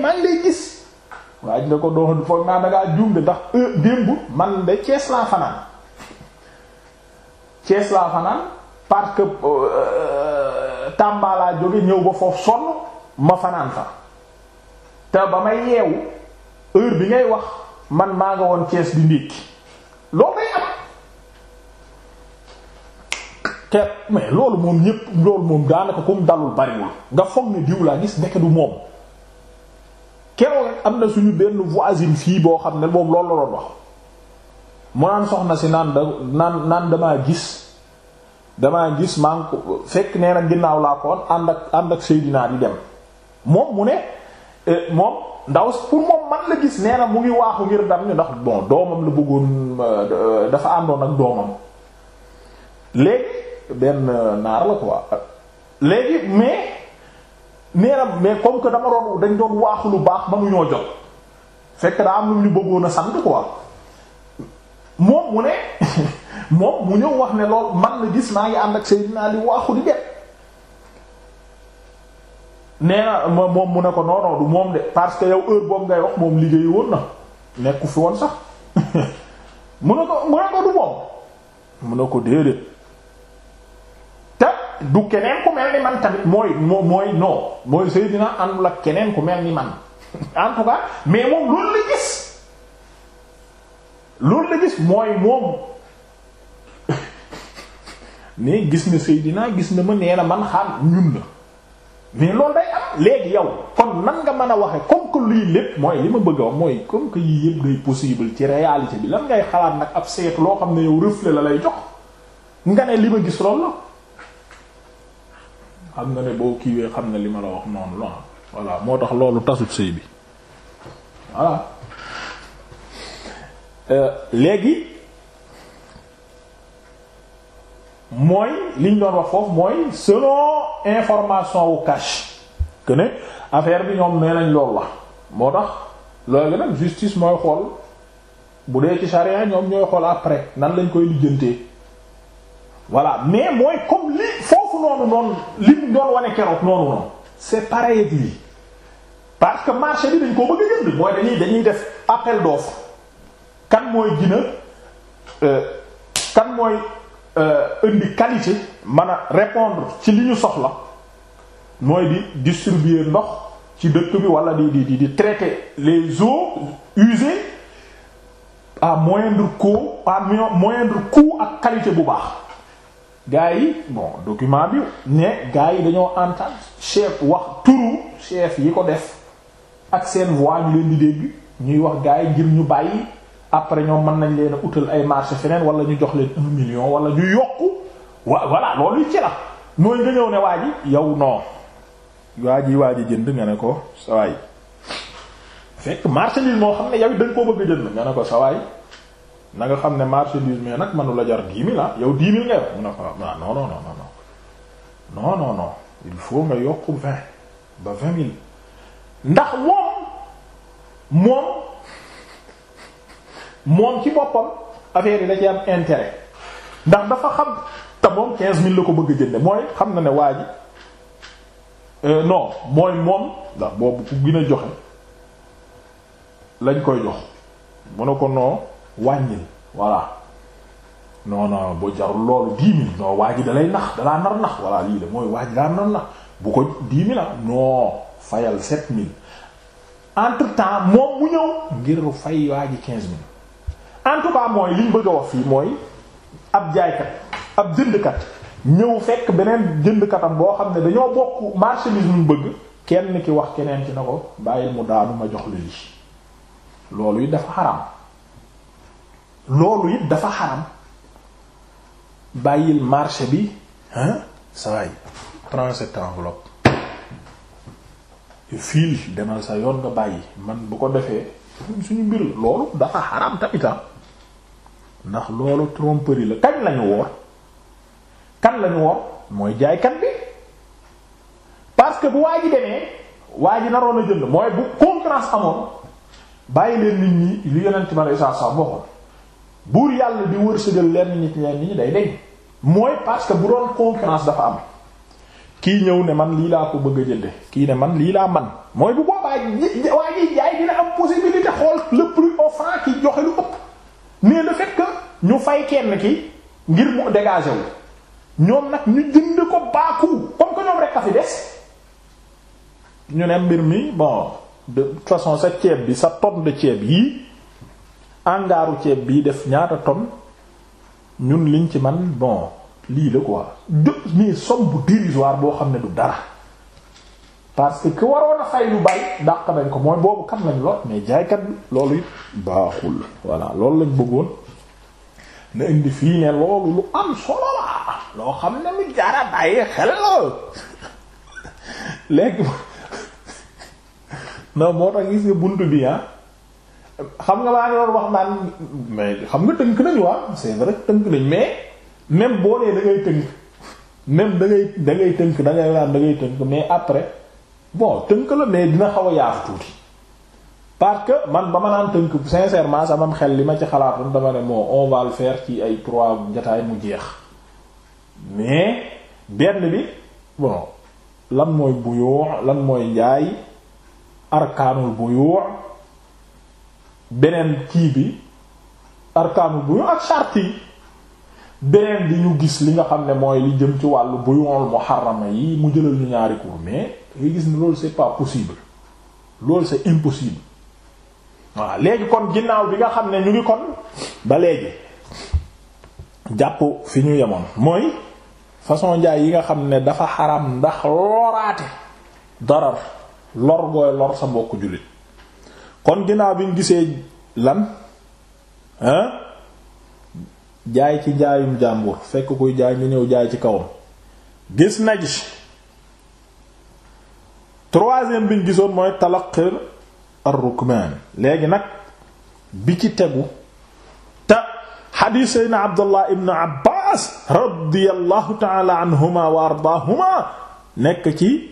maa ngi lay gis ko doon foog naa da ngaa juum de ndax heure démb man de Cees laa fanaan Cees laa fanaan parce que euh, jóge ñëw ba foofu sonn ma fanaan fa. te ba may yeewu heure bi ngay wax man maa nga woon Cees di ndékki loolu day am loolu moom ñépp loolu moom daanaka ku mu dalul bariwul nga foog ne diw laa gis ndeke du am na suñu benn voisine fii boo xam ne boobu loolu la doon wax mu naan soxna si naan da naan naan damaa gis damaa gis maa ngi ko fekk nee na laa koon ànd ak ànd ak Seydina di dem moom mu ne Euh, moom ndaw pour moom man la gis nee mu ngi waaxu ngir dam ñu ndax bon doomam la bëggoon euh, dafa àndoon ak doomam léegi benn naar la quoi léegi mais nee mais comme que dama doon dañ doon waaxu lu baax mënuñoo jot fekk daa am lu ñu bëggoon a sant quoi moom mu ne moom mu ñëw wax ne lool man la gis naa ngi ànd ak Seydina Ali waaxu di dem nee na moom mu ne ko non moom de parce que yow heure boobu ngay wax moom liggéey woon na nekku fi woon sax mu ne ko mu ne ko du moom mu ne ko déedéet te du keneen ku mel ni man tamit mooy moo mais moom loolu la gis loolu la gis mooy moom mais gis na Seydina gis na ma nee man xam ñun la mais loolu day am léegi yow kon nan nga mën a waxe comme que lii lépp mooy li ma bëgg a mooy comme que yii yëpp day possible ci réalité bi lan ngay xalaat nag ab seet loo xam ne yow reflet la lay jox nga ne li ma gis loolu la xam nga ne boo kiiwee xam ne li ma la wax noonu la voilà moo tax loolu tasut sëy bi voilà euh, léegi mooy liñ doon wax foofu mooy selon information wu cash que ne affaire bi ñoom nee nañ loolu la moo tax loolu nag justice mooy xool bu dee ci charia ñoom ñooy xool après nan lañ koy lijjantee voilà mais mooy comme li foofu noonu noonu liñ doon wane keroog noonu noonu c'est pareil lii parce que marché bi dañ koo bëgg a jënd mooy dañuy dañuy def appel d'offre kan mooy gina euh, kan mooy Euh, indi qualité mën a répondre ci li ñu soxla mooy di distribuer ndox ci dëkk bi wala di di di traiter les eaux usées à moindre coût à moindre coût ak qualité bu baax gars yi bon document bi ne gars yi dañoo antal chef wax turu chef yi ko def ak seen voix ñu leen di dégg ñuy wax gars yi ngir ñu bàyyi après ñoo mën nañ leen a utal ay marché feneen walla ñu jox leen un million wala ñu yokku wa voilà loolu ci la mooy nga ñëw ne waa ji yow non waa ji waa ji jënd nga ne ko sa waay fekk marchandise moo xam ne yow dañ koo bëgg jënd nga ne ko sa waay na nga xam ne marchandise mais nag manu la jar dix mille ah yow dix mille nga yor mu ne ko ah non non non non non non non il faut nga yokk moom ci boppam affaire yi da ci am intérêt ndax dafa xam te moom 15000 la ko bëgg jënde mooy xam na ne waa no euh, non mooy moom ndax boobu ku gën joxe lañ koy jox mu ne ko noo wàññil voilà non non boo jarul loolu 10000 non waa ji da nax dalaa nar nax voilà lii la mooy waa ji daa nar nax bu ko 10000 ah non fayal 7000 entre temps moom mu ñëw ngir fay waa ji 15000. en tout mooy liñ bëgg a wax fii mooy ab jaaykat ab jëndkat ñëw fekk beneen jëndkatam boo xam ne dañoo bokk bi ñu bëgg kenn ki wax keneen ci na ko bàyyi mu daanu ma jox la loolu it dafa loolu it dafa xaram bàyyil marché bi hein sawaay prends cette enveloppe fiil demal sa yoon nga bàyyi man bu ko defee suñu mbir loolu dafa xaram tamit ah. ndax loolu tromperie la kañ lañu woor kan lañu woor mooy jaaykat bi parce que bu waa ji demee waa ji naroon a jënd mooy bu concurrence amoon bàyyi leen ñi li yonent ma lay saa saa waxoon buur yàlla di wërsëgal leen nit ñi ñi day deñ mooy parce que bu doon concurrence dafa am kii ñëw ne man lii laa ko bëgg a jënde kii ne man lii laa man mooy bu boobaa waa ji jaay dina am possibilité xool le plus offrant ki joxe lu ñu fay kenn ki ngir mu dégagé ñoom nag ñu jënd ko baaku comme que ñoom rek a fi des ñu ne mbir mi bon de façon sa ceeb bi sa tonne de ceeb yii angaaru ceeb bii def ñaata tonne ñun liñ ci man bon lii la quoi de nii somme bu dérisoire boo xam ne du dara parce que ku waroon a fay lu bari dàq nañ ko mooy boobu kam lañ lot mais jaaykat bi loolu it baaxul voilà loolu lañ bëggoon. na indi fii ne loolu lu am solo la loo xam ne lu jaara bàyyi xel la léegi non moo tax gis nga bunt bi ah xam nga laa ngi doon wax naan mais xam nga tënk nañu waa ah, c'est rek tënk nañ mais même boo nee da tënk même da ngay tënk da ngay naan tënk mais après bon tënk la mais dina xaw a yaatu tuuti. parce que man ba ma naan tënk sincèrement sama xel li ma ci xalaatoon dama ne moo on va ci ay trois jataay mu jeex mais benn bi bon lan mooy buyoo lan mooy njaay arkaanul buyoo kii bi arkaanul buyoo ak charte yi beneen bi ñu gis li nga xam ne mooy li jëm ci wàllu buyool muharrama yi mu jëlal ñu ñaari cours mais nga gis ne loolu c'est pas possible loolu c'est impossible waaw léegi kon ginnaaw bi nga xam ne ñu ngi kon ba léegi jàpp fi ñu yemoon mooy façon jaay yi nga xam ne dafa xaram ndax loraate darar lor gooy lor sa mbokk jullit kon ginnaaw bi ñu gisee lan hein jaay ci jaayum jàmbur fekk kuy jaay nga ñëw jaay ci kawam gis na ji troisième bi ñu gisoon mooy talaqir ar léegi nag bi ci tegu te xadiis seydna abdullah ibn abbas radiyallahu taala anhuma wa ardaahuma nekk ci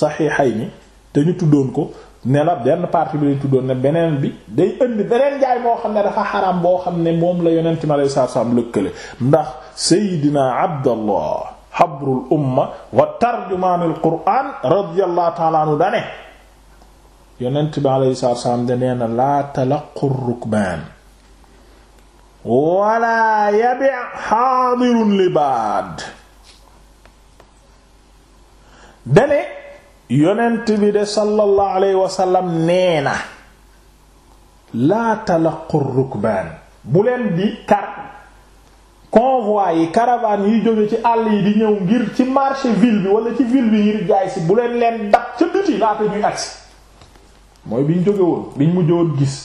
saxiixayni te ñu tuddoon ko ne la benn partie bi lañ tuddoon ne beneen bi day indi beneen jaay moo xam ne dafa xaram boo xam ne moom la yonent mi alayhi salaatu salaam ndax seydina abdallah habrul umma wa tarjumaanul qur'aan radiyallahu taala anhu dane yonent bi alayhi salaatu wassalaam de nee na laa talaqu rukbaan wala yabi xaadirun li dane yonent bi de sallallahu alayhi wasallam nee laa talaqu rukbaan bu di kar convois yi caravane yi jóge ci àll yi di ñëw ngir ci marché ville bi wala ci ville bi ngir jaay si bu leen dab ca biti laata ñuy agsi mooy biñ jóge woon biñ mujj woon gis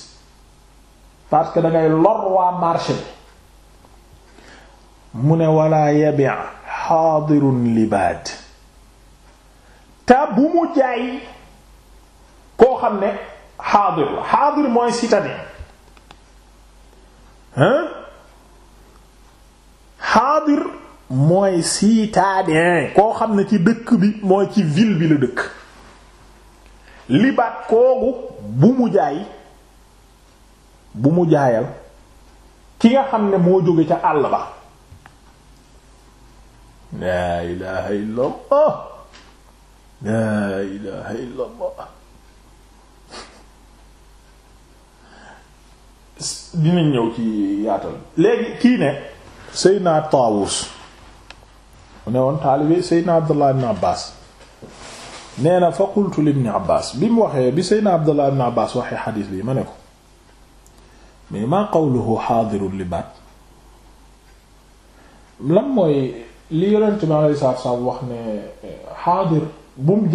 parce que da lor waa marché bi mu ne wala yabi xaadirun libaad te bu mu jaay koo xam ne xaadir la xaadir mooy citadin hein xaadir mooy citadin koo xam ne ci dëkk bi mooy ci ville bi la dëkk li baat koogu bu mu jaay bu mu jaayal ki nga xam ne moo jóge ca àll ba laa ilaha illa laa ilaha illa ñëw ci yaatal léegi kii ne Seydina Taawus mu ne woon taalibe Seydina Abdullah ibn Abbas nee na fa qultu li ibn abbas bi mu waxee bi seydna abdullah ibn abbas waxee xadiis bi ma ne ko mais maa qawluhu xaadirul libaat lan mooy li yonent bi wax ne xaadir bu mu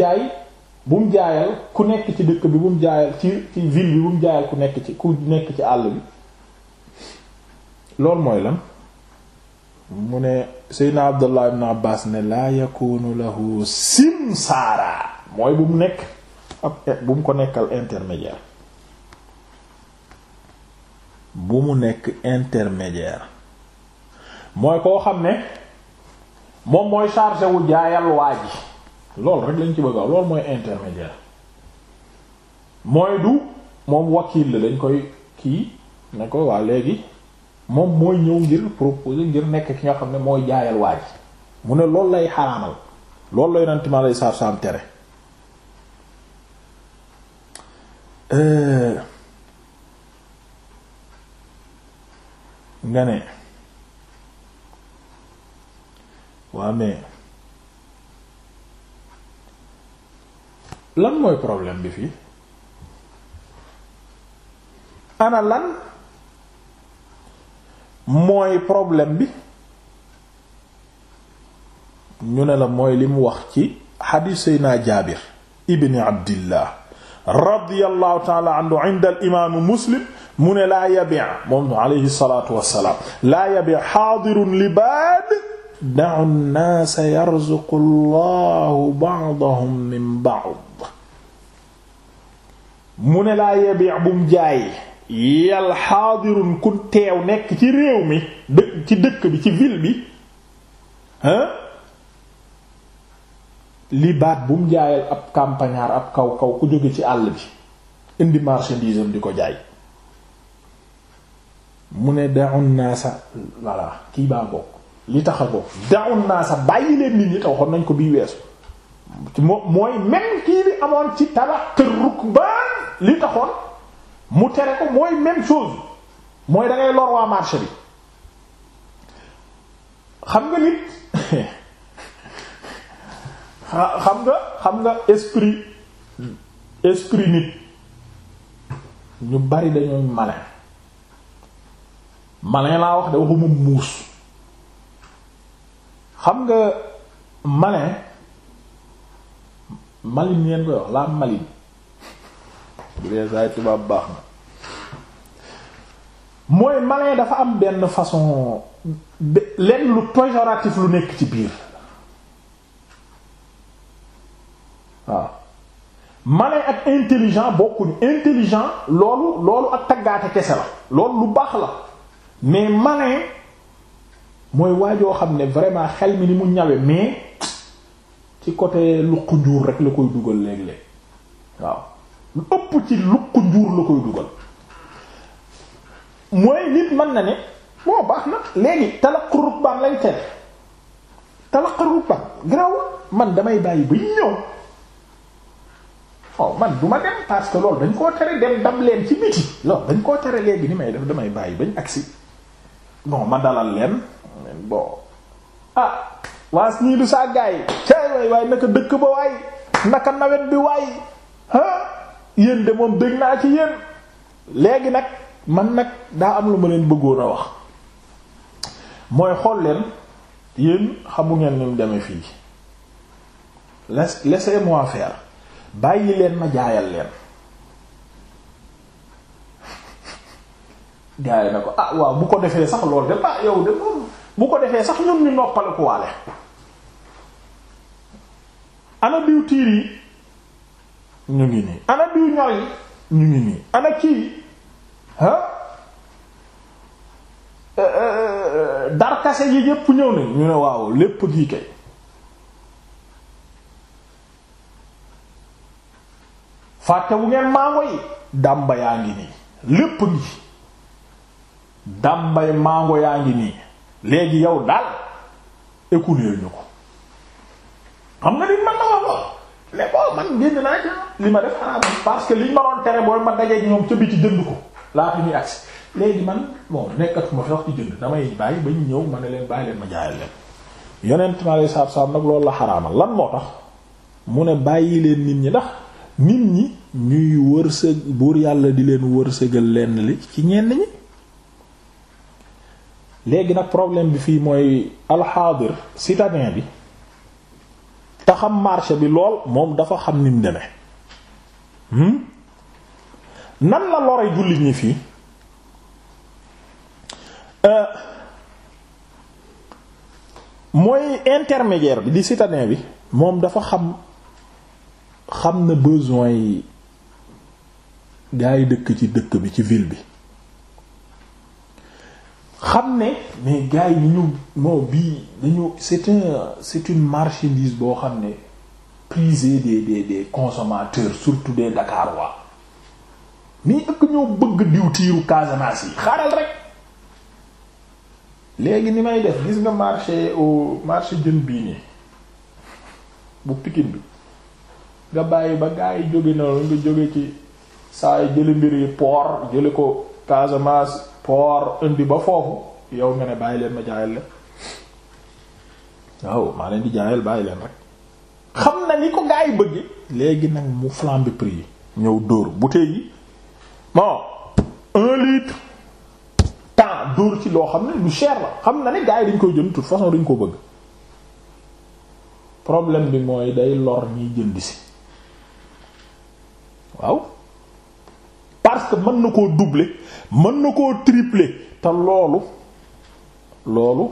jaay ku nekk ci dëkk bi bu mu ci ci ville bi ku nekk ci ku ci àll bi loolu mooy lan mu ne seydna abdullah ibn abbas ne laa yakunu lahu simsaara mooy bu mu nekk ab eh, bu mu ko nekkal intermédiaire bu mu nekk intermédiaire mooy koo xam ne moom mooy chargé wu jaayal waa ji loolu rek lañ ci bëgg a mooy intermédiaire mooy du moom wakiil la lañ koy kii ne ko waa léegi moom mooy ñëw ngir proposer ngir nekk ki nga xam ne mooy jaayal waa ji mu ne loolu lay xaraamal loolu lay nanti ma lay saar saam tere nga ne waa mais lan mooy problème bi fii ana lan mooy problème bi ñu ne la mooy li mu wax ci xadiis Seydina Jaabir ibni Abdillah radiyallahu taala anhu inda al imaamu muslim mu ne laa yabi' moom alayhi salaatu wassalaam laa yabi' haadirun libaad da'u an-naasa yarzuqu Allahu ba'dahum min ba'd mu ne laa yabi' bum jaay yal haadirun kun teew nekk ci réew mi dëkk ci dëkk bi ci ville bi hein li baat bu mu jaayal ab campagnard ab kaw kaw ku jóge ci àll bi indi marchandise am di ko jaay mu ne daun naa sa voilà kii baa bokk li tax a bokk daun naa sa bàyyi leen nit ñi taw xon nañ ko bii weesu mooy même kii bi amoon ci tala kër rukbaan li taxoon mu tere ko mooy même chose mooy da lor waa marché bi xam nga nit xam nga xam nga esprit esprit nit ñu bari dañooy malin malin laa wax de waxuma muus xam nga malin malin ngeen koy wax laa malin bu dee saay tubaab baax na mooy malin dafa am benn façon lenn lu péjoratif lu nekk ci biir waaw ma ak intelligent bokkuñu intelligent loolu loolu ak taggaate kese la loolu lu baax la mais ma ne mooy waajoo xam ne vraiment xel mi ni mu ñawe mais ci côté luq njuur rek la koy dugal léeg-léeg waaw lu ëpp ci luq njuur la koy dugal mooy nit mën na ne moo baax na léegi talaq rubbaan lañ tere talaq rubbaan garaw man damay bàyyi ba ñëw waaw man du ma dem parce loolu dañ koo tere dem dam leen ci miti loolu dañ koo tere léegi ni may def damay bàyyi bañ agsi bon ma dalal leen bon ah waas ñii du saa gaay cay waay waaye naka dëkk ba waay naka nawet bi waay ah yéen de moom dégg naa ci yéen léegi nag man nag daa am lu ma leen bëggoon a wax mooy xool leen yéen xamu ngeen ni mu demee fii laissez-moi faire bàyyi leen ma jaayal leen gaa na ko ah waaw bu ko defee sax loolu de ah yow de moom bu ko defee sax ñun ñu noppale ko waale ana diw tiir yi ñu ngi nii ana diw ñor yi ñu ngi nii ana kii ha darkase yi yépp ñëw nañ ñu ne waaw lépp gii kay fàtte wu ngeen mango yi dàmba yaa ngi nii lépp ngi dàmbay mango yaa ngi nii léegi yow daal écouler ñu ko xam nga nit na wax man génn naa ci ma def xanaa parce que liñ ma doon tere booy ma dajee ñoom ca biti jënd ko laa ñuy agsi léegi man bon nekkatuma fi wax ci jënd damay bàyyi bañ ñëw ma ne leen bàyyi leen ma jaayal leen yonent mi alayhi salaatu salaam nag loolu la xaraamal lan moo tax mu ne bàyyi leen nit ñi ndax nit ñi ñuy wërsëg buur yàlla di leen wërsëgal lenn li ci ñenn ñi léegi nag problème bi fii mooy alxaadir citadin bi te xam bi lool moom dafa xam nim demee hmm? nan la lore jullit ñi fii euh, mooy intermédiaire bi di citadin bi moom dafa xam xam na besoin yi gaa yi dëkk ci dëkk bi ci ville bi xam ne mais gars yi ñu moo bii dañu c'est un c'est une marchandise boo xam ne prisée des des des consommateurs surtout des Dakarois nii ëkk ñoo bëgg diw tiiru Casamance yi xaaral rek léegi ni may def gis nga marché au marché jën bii nii bu Pikine bi nga bàyyi ba gaa yi jóge noonu nga jóge ci saa yi jële mbir yi port jële ko Casamance port indi ba foofu yow nga ne bàyyi leen ma jaayal leen waaw maa leen di jaayal bàyyi leen rek xam na ni ko gaa yi bëgge léegi nag mu flambe prix yi ñëw dóor bouteille yi bon un litre temps dóor ci loo xam ne lu cher la xam na ne gaa yi dañ koy jënd de toute façon dañ ko bëgg problème bi mooy day lor ñiy jënd si waaw parce que mën na koo duble mën na koo tripler te loolu loolu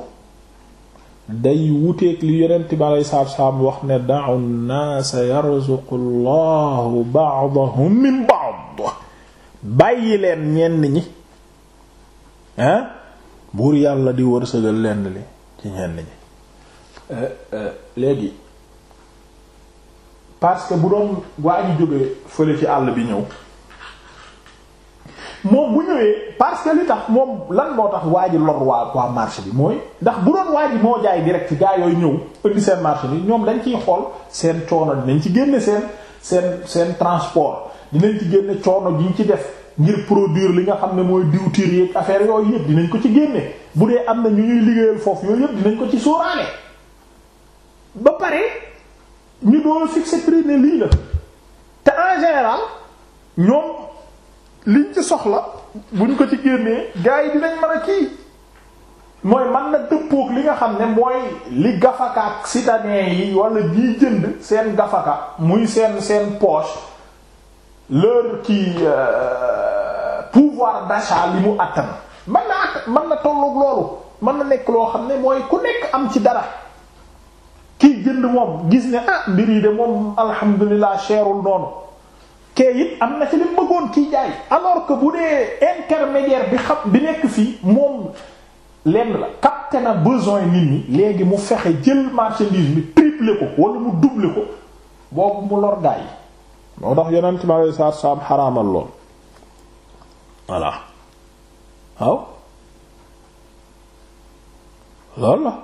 day wuteeg li yonent bi alei saatu salaam wax ne da'u nnaasa yarzuqu llahu ba'dahum min ba'd bàyyi leen ñenn ñi ah buur yàlla di wërsëgal lenn li ci ñenn ñi euh, euh, léegi parce que bu doon waa ji jógee fële ci àll bi ñëw moom bu ñëwee parce que li tax moom lan moo tax waa ji waa waa marché bi mooy ndax bu doon waa ji moo jaay direct gaa yooyu ñëw indi seen marché bi ñoom dañ ciy xool seen coono dinañ ci génne seen seen seen transport dinañ ci génne coono jiñ ci def ngir produire li nga xam ne mooy diwtiir yeeg affaire yooyu yëpp dinañ ko ci génne bu dee am na ñu ñuy liggéeyal foofu yooyu yëpp dinañ ko ci sóoraale ba pare. ñu doon fixé prix ne lii la te en général ñoom liñ ci soxla buñ ko ci génnee gars yi dinañ mën a kii mooy man na dëppook li nga xam ne mooy li gafaka ak citadin yi wala jiy jënd seen gafaka muy seen seen poche leur kii euh, pouvoir d'achat li mu attan man na att man na tolloog loolu man na nekk loo xam ne mooy ku nekk am ci dara kiy jënd moom gis ne ah mbir yi de moom alhamdulilah cherul noonu kee it am na ci li mu bëggoon kiy jaay alors que bu dee intermédiaire bi xam bi nekk fii moom lenn la capté na besoin nit ñi léegi mu fexe jël marchandise bi triplé ko wala mu doublé ko boobu mu lor yi moo tax yonent mi alayhi salaatu salaam xaraamal lool voilà waaw loolu la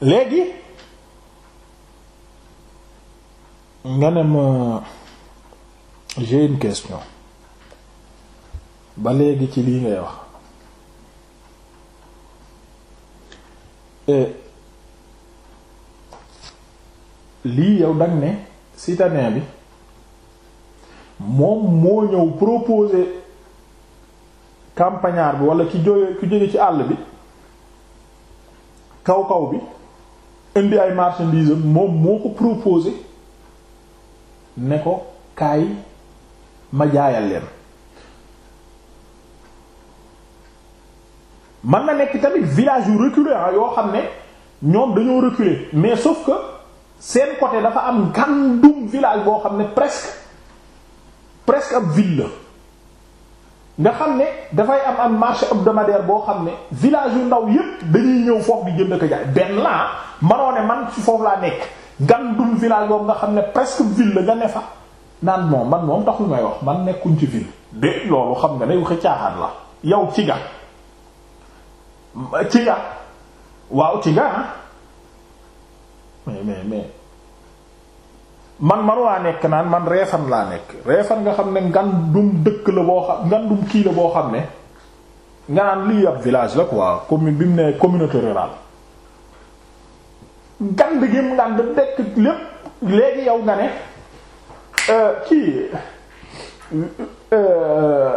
léegi nga ne question ba léegi ci lii ngay wax lii yow dang ne citadin bi moom moo ñëw proposer campagnard bi wala ci jóge ki jóge ci àll bi kaw kaw bi indi ay marchandises moom moo ko proposé ne ko kaay ma jaayal leen man na nekk tamit village yu reculé ah, yoo xam ne ñoom dañoo reculé mais sauf que seen côté dafa am gàndum village boo xam ne presque presque ab ville la nga xam ne dafay am am marché hebdomadaire boo xam ne village yu ndaw yépp dañuy ñëw foofu bi jënd ko jaay benn laa manoo ne man ci foofu laa nekk ngan dum village boobu nga xam ne presque ville la nga ne fa naan moom man moom taxul may wax man nekkuñ ci ville de loolu xam nga ne waxi caaxaan la yow ci ga ci ga waaw ci ga ah. mais mais mais man man waa nekk naan man reefan laa nekk reefan nga xam ne ngandum dëkk la boo xam ngandum kii la boo xam ne nga naan lii ab village la quoi commune bi mu ne communauté rurale ngand gi mu ngand dëkk lépp léegi yow nga ne euh, kii euh,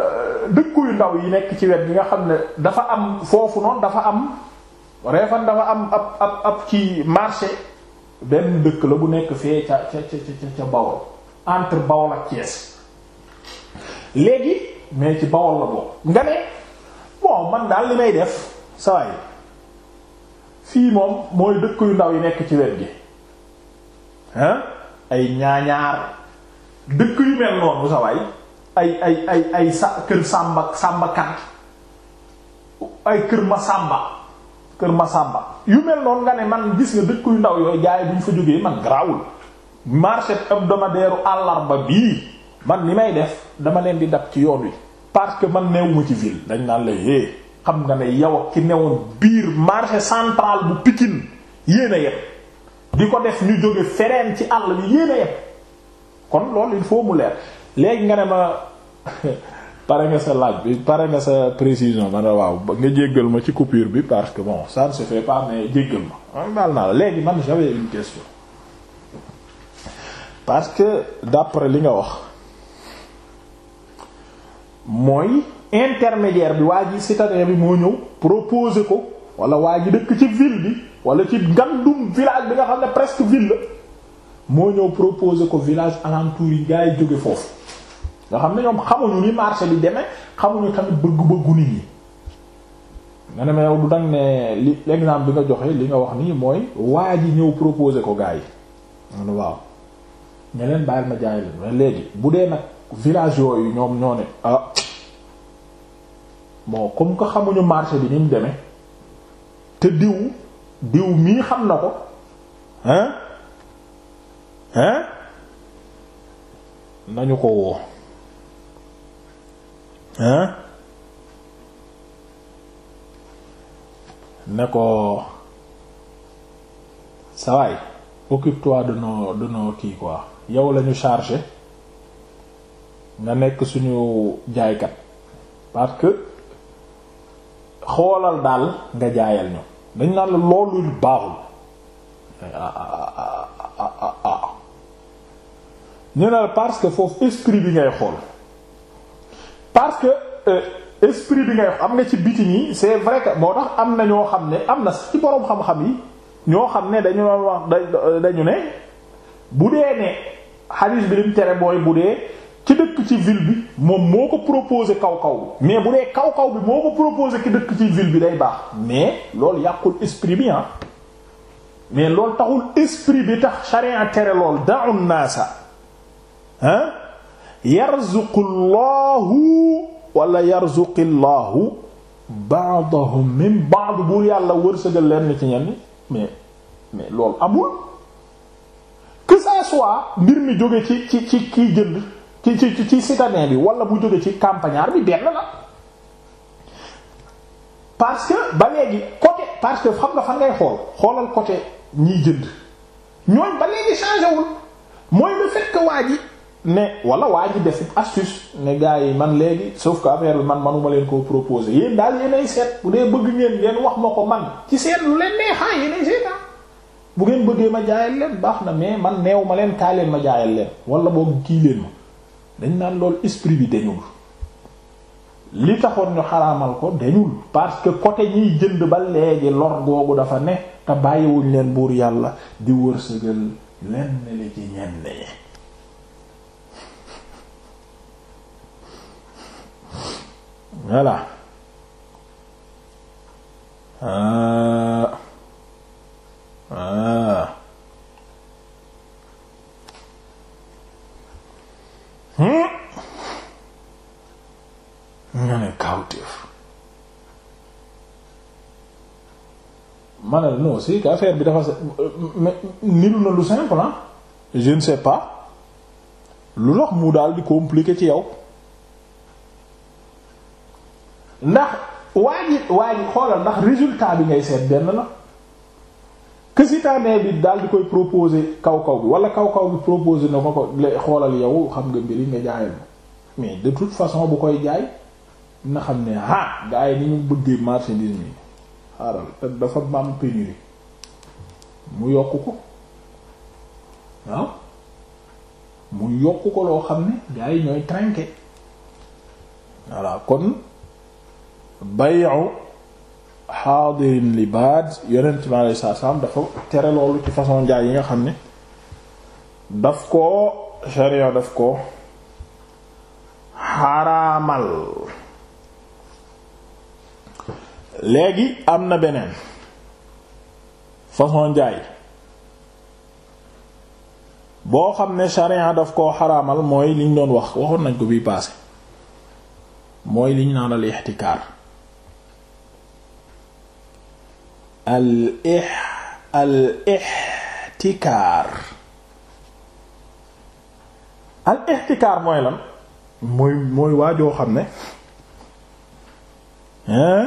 dëkku yu ndaw yi nekk ci wet bi nga xam ne dafa am foofu noonu dafa am reefan dafa am ab ab ab ci marché benn dëkk la bu nekk fee ca ca ca ca Bawol entre Bawol ak Thiès léegi mais ci Bawol la bokk nga ne bon man daal li may def saa fii moom mooy dëkk yu ndaw yi nekk ci wet gi ay ñaañaar dëkk yu mel noonu sa waay ay ay ay sa kër sàmba sàmba kan ay kër ma sàmba kër Masamba yu mel noonu nga ne man gis nga dëkk yu ndaw yooyu jaay bi ñu fa jógee man garaawul marché hebdomadaire àllarba bii man ni may def dama leen di dab ci yoon wi parce que man neewuma ci ville dañ naan la é eh, xam nga ne yow ak ki newoon biir marché central bu Pikine yéen a di ko def ñu jóge fereen ci àll bi yéen a kon loolu il faut mu leer léegi nga ne ma pare nga sa laaj bi pare nga sa précision man waaw nga jéggal ma ci coupure bi parce que bon ça ne se fait pas mais jéggal ma man baal naa la léegi man j'avais une question parce que d'après li nga wax mooy intermédiaire bi waa ji citadin bi moo ñëw proposer ko wala waa ji dëkk ci ville bi wala ci ngandum village bi nga xam ne presque ville la moo ñëw proposer ko village alentour yi gaa yi jóge foofu nga xam ne ñoom xamuñu ni marché bi demee xamuñu tamit bëgg-bëggu nit ñi nga ne ma yow du dang ne li exemple bi nga joxe li nga wax nii mooy waa ji ñëw proposer ko gars yi man waaw ne leen ma jaay leen bu dee nag village yooyu ñoom ñoo ne ah comme que xamuñu marché bi ni mu te diw diw mii xam na ko ko woo hein ne ko sawaay occupe-toi de nos de nos kii quoi yow lañu charge nga nekk suñu jaaykat parce que xoolal daal nga jaayal ñu dañ naan la loolu baaxul ah, ah, ah, ñu parce que foofu esprit bi ngay xool parce que euh, esprit bi ngay wax am na ci biti nii c'est vrai moo tax am na ñoo xam ne am na ci boroom xam-xam yi ñoo xam ne dañu wax dañu ne bu dee ne xadiis bi lim tere mooy bu dee ci dëkk ci ville bi moom moo ko proposé kaw kaw bi mais bu dee kaw kaw bi moo ko proposé ci dëkk ci ville bi day baax mais loolu yàqul esprit bi ah mais loolu taxul esprit bi tax charia tere lool da'u naasa ah yarzuqullahu wala yarzuqillahu ba'dahum min ba'd buur yàlla wërsëgal leen ci ñenn mais mais loolu amul que ça soit mbir mi jóge ci ci ci kiy jënd ci ci ci citadin bi wala bu jóge ci campagnard bi benn la parce que ba léegi côté parce que xam nga fan ngay xool xoolal côté ñiy jënd ñooñ ba léegi changé wul mooy le fait que waa ji ne wala waa ji def astuce ne gars yi man léegi sauf ko affaire bi man manuma leen koo proposer yéen daal yéenay seet bu dee bëgg ngeen ngeen wax ma ko man ci seet lu leen neexaa ah, yéenay seet ah. bu ngeen bëggee ma jaayal leen baax na mais man neew ma leen taaleen ma jaayal leen wala boog kii leen ma dañ naan loolu esprit bi dañul li taxoon ñu xaraamal ko dañul parce que côté ñiy jënd ba léegi lor googu dafa ne te bàyyiwuñ leen buur yàlla di wërsëgal lenn voilà ah ah hmm nga ne kawteef ma ne si que affaire bi dafa niru na lu simple ah je ne sais lu tax mu daal di compliqué ci yow. ndax waa ji waa ji xoolal ndax résultat bi ngay seet benn la que bi daal di koy proposer kaw kaw bi wala kaw kaw bi proposer na ma ko xoolal yow xam nga mbiri nga jaayal ma mais de toute façon bu koy jaay na xam ne ah gars yi ni ñu bëggee marchandise mi xaaral te dafa am pénurie mu yokk ko waaw ah? mu yokk ko loo xam ne gars yi ñooy trinquer voilà kon. bayu xaadirin li baad yonent bi alayhi dafa tere loolu ci façon njaay yi nga xam ne daf ko sharia daf ko xaraamal léegi am na beneen façon jaay boo xam ne sharia daf koo xaraamal mooy liñ doon wax waxoon nañ ko bii paase mooy liñ naan al ixtikaar al ih al ihtikaar al ihtikaar mooy lan mooy mooy waajoo xam ne hein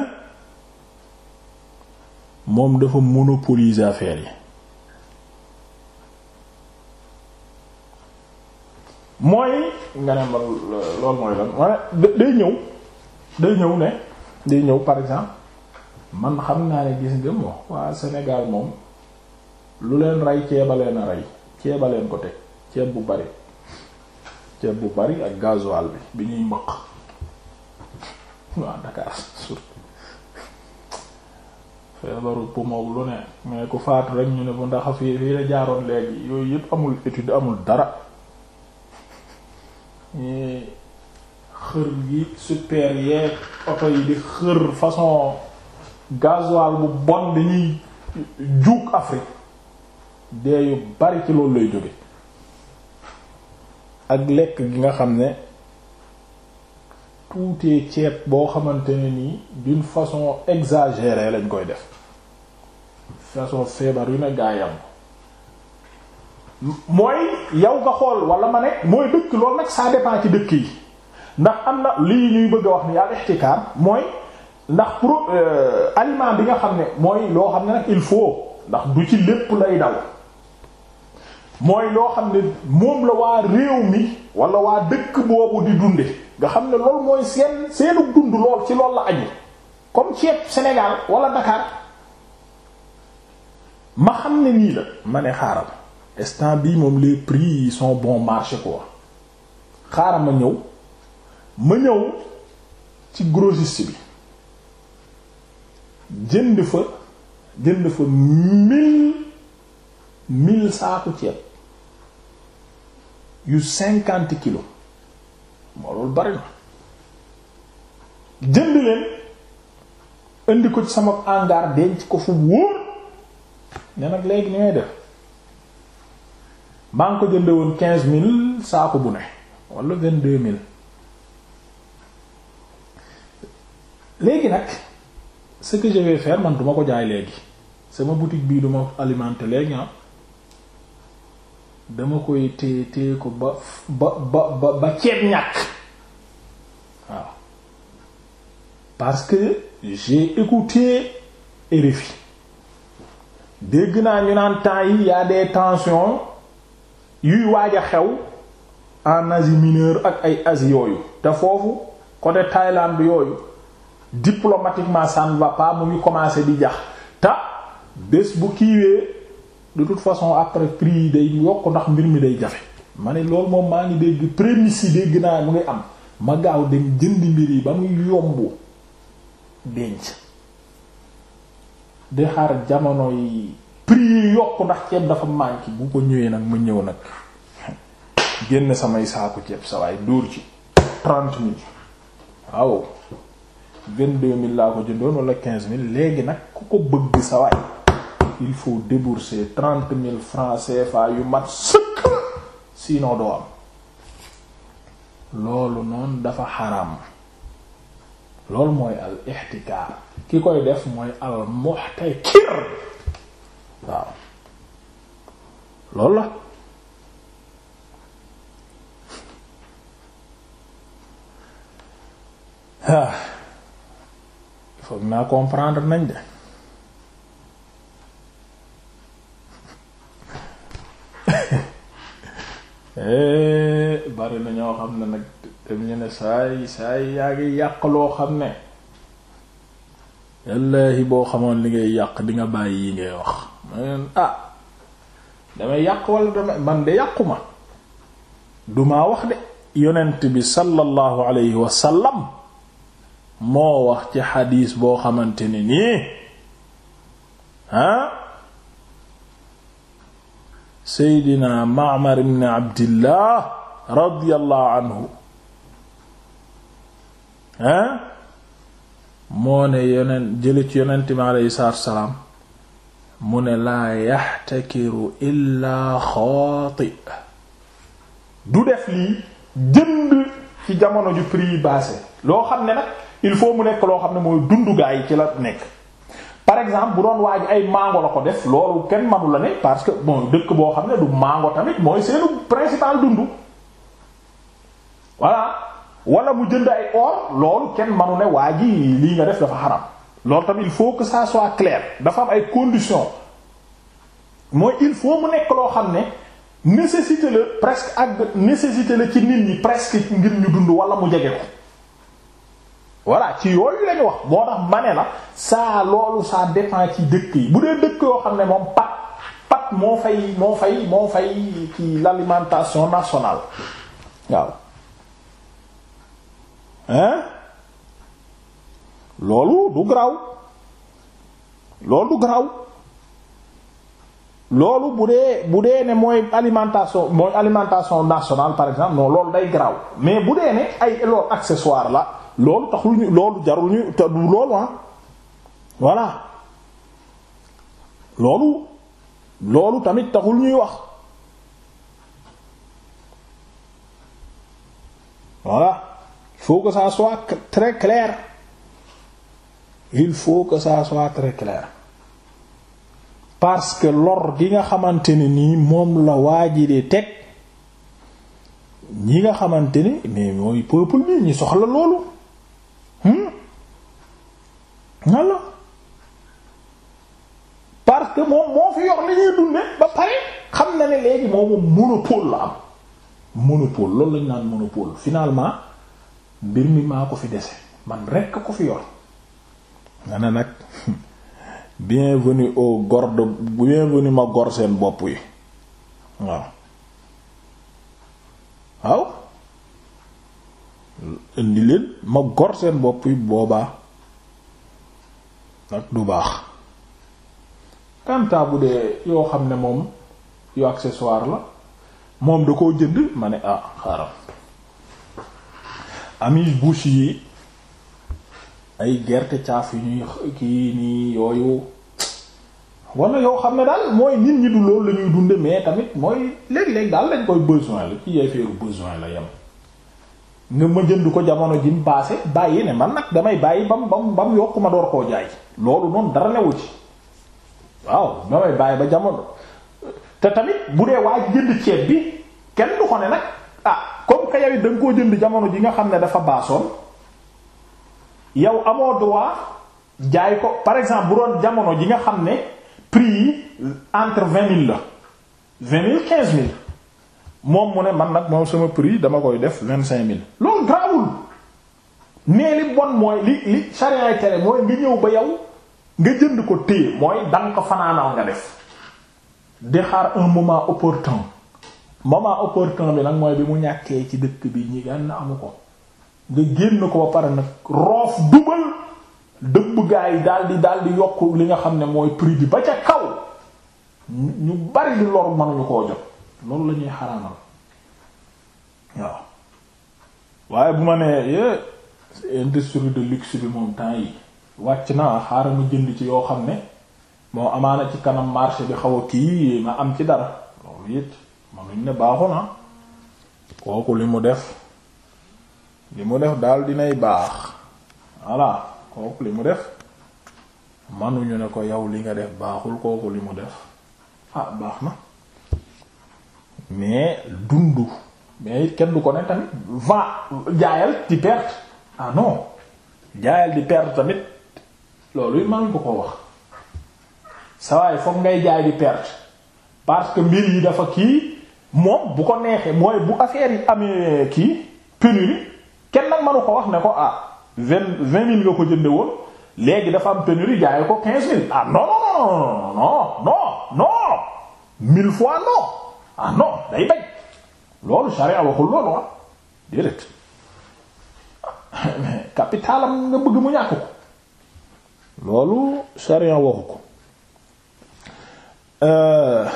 moom dafa monopoliser affaire yi mooy nga ne ma loolu mooy lan wala day ñëw day ñëw ne day ñëw par exemple man xam naa ne gis nga moom waa Sénégal moom lu leen rey ceebaleen a rey ceebaleen ko teg ceeb bu bari ceeb bu bari ak gasoil bi bi ñuy mëq waa Dakar surtout feebaru poumon lu ne mais ku faat rek ñu ne bu ndax fii fii la jaaroon léegi yooyu yëpp amul étude amul dara xër gi super yeeg oto yi di xër façon gasoil bu bon dañuy juug Afrique dee yu bari ci loolu lay jóge ak lekk gi nga xam ne tuutee ceeb boo xamante ne nii d'une façon exagérée lañ koy def façon feebar yu ne gaa yam mooy yow nga xool walla ma ne mooy dëkk loolu nag ça dépend ci dëkk yi ndax am na lii ñuy bëgg a wax ni al ihtikam mooy ndax pour euh, aliment bi nga xam ne mooy loo xam ne nag il faut ndax du ci lépp lay daw mooy loo xam ne moom la waa réew mi wala waa dëkk boobu di dunde nga xam ne loolu mooy seen seenu dund lool ci loolu la aju comme ceeb Sénégal wala Dakar ma xam ne nii la ma ne xaaral instant bii moom les prix yi son bon marché quoi xaaral ma ñëw ma ñëw ci grossiste bi jënd fa jënd fa mille mille saaku ceeb yu cinquante kilo moo loolu bari na jënd leen indi ko ci sama hangar denc ko fu wóor ne nag léegi ni ngay def maa ngi ko jënde woon quinze mille saako bu ne wala vingt deux mille léegi nag ce que je vais man duma ko jaay léegi sama boutique bii duma alimenter léegi ah dama koy téye téye ko ba ba ba ba ceeb ñàkk waaw parce que j'ai écouté RFI dégg naa ñu naan temps yi y a des tensions yuy waaj xew en Asie mineure ak ay Asie yooyu te foofu côté Thaïlande yooyu diplomatiquement ça ne va pas mu ngi commencer di jax ta bés bu kiiwee de toute façon après prix yi day yokk ndax mbir mi day jafe ma ne loolu moom maa ngi dégg prémices yi dégg naa mu ngi am ma gaaw dem jënd mbir yi ba muy yomb denc di xaar jamono yi prix yi yokk ndax ceeb dafa manqué bu ko ñëwee nag mu ñëw nag génn samay saaku ceeb sa waay dóor ci trent mille waaw vingt-deux mille laa ko jëndoon wala mille léegi nag ku ko bëgg sa waay il faut débourser trente mille francs CFA yu mat sëkk sinon doo am loolu noonu dafa xaram loolu mooy al ixtikaar ki koy def mooy al muxtakir waaw loolu la foog naa comprendre nañ de eh, bari na ñoo xam ne nag dem ñu ne saay saay yaa ngi yàq loo xam ne wallaahi boo xamoon li ngay yàq di nga bàyyi yi ngay wax man ah damay yàq wala damay man de yàqu ma wax de yonent bi sallallahu alayhi wa sallam moo wax ci xadiis boo xamante ne nii ah seydina Ma'mar ibn Abdillah radiyallahu anhu ah moo ne yonent jële ci yonent mi aleyhi salaatu wasalaam mu ne laa yaxtakiru illaa xaati du def lii jënd ci jamono ju prix bassé loo xam ne nag il faut mu nekk loo xam ne mooy dundu gaa yi ci la nekk par exemple bu doon waaj ay mango la ko def loolu kenn manu la ne parce que bon dëkk boo xam ne du mango tamit mooy seenu principal dundu voilà wala mu jënd ay or loolu kenn manu ne waa ji lii nga def dafa xaram loolu tamit il faut que ça soit clair dafa am ay conditions mooy il faut mu nekk loo xam ne nécessité la presque ak nécessité la ci nit ñi presque ngir ñu dund wala mu jege ko. voilà ci yooyu lañu wax moo tax ma la saa loolu saa dépend ci dëkk yi bu dee dëkk yoo xam ne moom pat pat moo fay moo fay moo fay ci l'alimentation nationale waaw hein loolu du graw loolu du graw loolu bu dee bu dee ne mooy alimentation mooy alimentation nationale par exemple non loolu day graw mais bu dee ne ay loolu accessoire la loolu taxul ñu loolu jarul ñu te du loolu ah voilà loolu loolu tamit taxul ñuy wax voilà il faut que ça soit très clair il faut que ça soit très clair parce que lor gi nga xamante ne nii moom la waaji di teg ñi nga xamante ni mais mooy peuple bi ñi soxla loolu nan hmm? la parce que moom moo fi yor li ñuy dunde ba pare xam na ne léegi moom monopole la am monopole loolu lañu naan monopole finalement mbir mi maa ko fi dese man rekk ko fi yor nga ne nag bienvenue au gor de bienvenue ma gor seen bopp yi waaw waaw indi leen ma gor seen bopp yi boobaa nag du baax kanta bu dee yoo xam ne moom yu accessoire la moom da koo jënd ma ne ah xaaral amis bouche yi ay gerte caaf yu ñuy kii nii yooyu wala yoo xam ne daal mooy nit ñi du loolu la ñuy dunde mais tamit mooy léeg-léeg daal lañ koy besoin la ci yeefeeru besoin la yem nga ma jënd ko jamono jim paase bàyyi ne man nag damay bàyyi ba mu ba mu ba yokk ma door koo jaay loolu noonu dara newu ci waaw damay bàyyi ba jamono te tamit bu dee waa jënd ceeb bi kenn du ko ne nag ah comme que yow da nga koo jënd jamono ji nga xam ne dafa baasoon yow amoo droit jaay ko par exemple bu doon jamono ji nga xam ne prix yi entre vingt mille la vingt mille quinze mille moom mu ne man nag moom sama prix dama koy def vingt cinq mille loolu grawul mais li bon mooy li li charia tere mooy nga ñëw ba yow nga jënd ko téye mooy danga ko fanaanal nga def di xaar un moment opportun moment opportun bi nag mooy bi mu ñàkkee ci dëkk bi ñi gan amu ko nga génn ko ba pare nag roof dugal dëbb gaa yi daal di daal di yokk li nga xam ne mooy prix bi ba ca kaw ñu bari li lor mënuñu koo jot loolu la ñuy xaraamal waaw waaye bu ma nee yé industrie de luxe bi moom temps yi wàcc naa xaaral ma jënd ci yoo xam ne moo amaana ci kanam marché bi xaw a kii ma am ci dara loolu it manuñ ne baaxu na ah. kooku li mu def li mu def daal dinay baax voilà kooku li mu def manuñu ne ko yow li nga def baaxul kooku li mu def ah baax na mais dundu mais kenn du ko ne tamit va jaayal di perte ah non jaayal di perte tamit loolu it mënuñ ko ko wax sawaay foog ngay jaay di perte parce que mbir yi dafa kii moom bu ko neexee mooy bu affaire yi amee kii pénurie kenn nag mënu ko wax ne ko ah vingt vingt mille nga ko jënde woon léegi dafa am pénurie jaayee ko quinze mille ah non non non non non mille fois non ah non day bañ loolu sharia waxul loolu ah déedéet capitalam nga bëgg mu ñàkk ko loolu sharia waxu ko euh,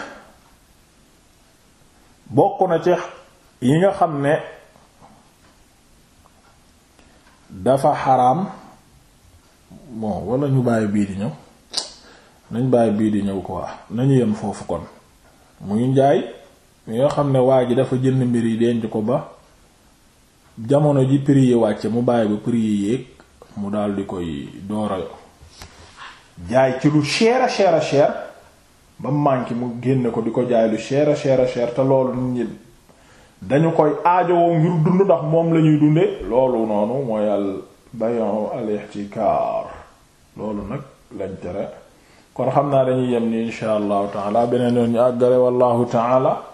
bokk na ci yi nga xam ne dafa xaraam bon wala ñu bàyyi bii di ñëw nañ bàyyi bii di ñëw quoi nañu yem foofu kon muy njaay mi nga xam ne waa ji dafa jënd mbir yi denc ko ba jamono ji prix yi wàcce mu bàyyi ba prix yi yéeg mu dal di koy doora jaay ci lu cher a cher a cher ba manqué mu génne ko di ko jaay lu cher a cher a cher te loolu nit ñi dañu koy aajowoo ngir dund ndax moom lañuy ñuy dundee loolu noonu mooy al bayon al ihtikar loolu nag lañ tere kon xam naa dañuy yem ni insha allahu taala beneen yoon ñu àggale wallahu taala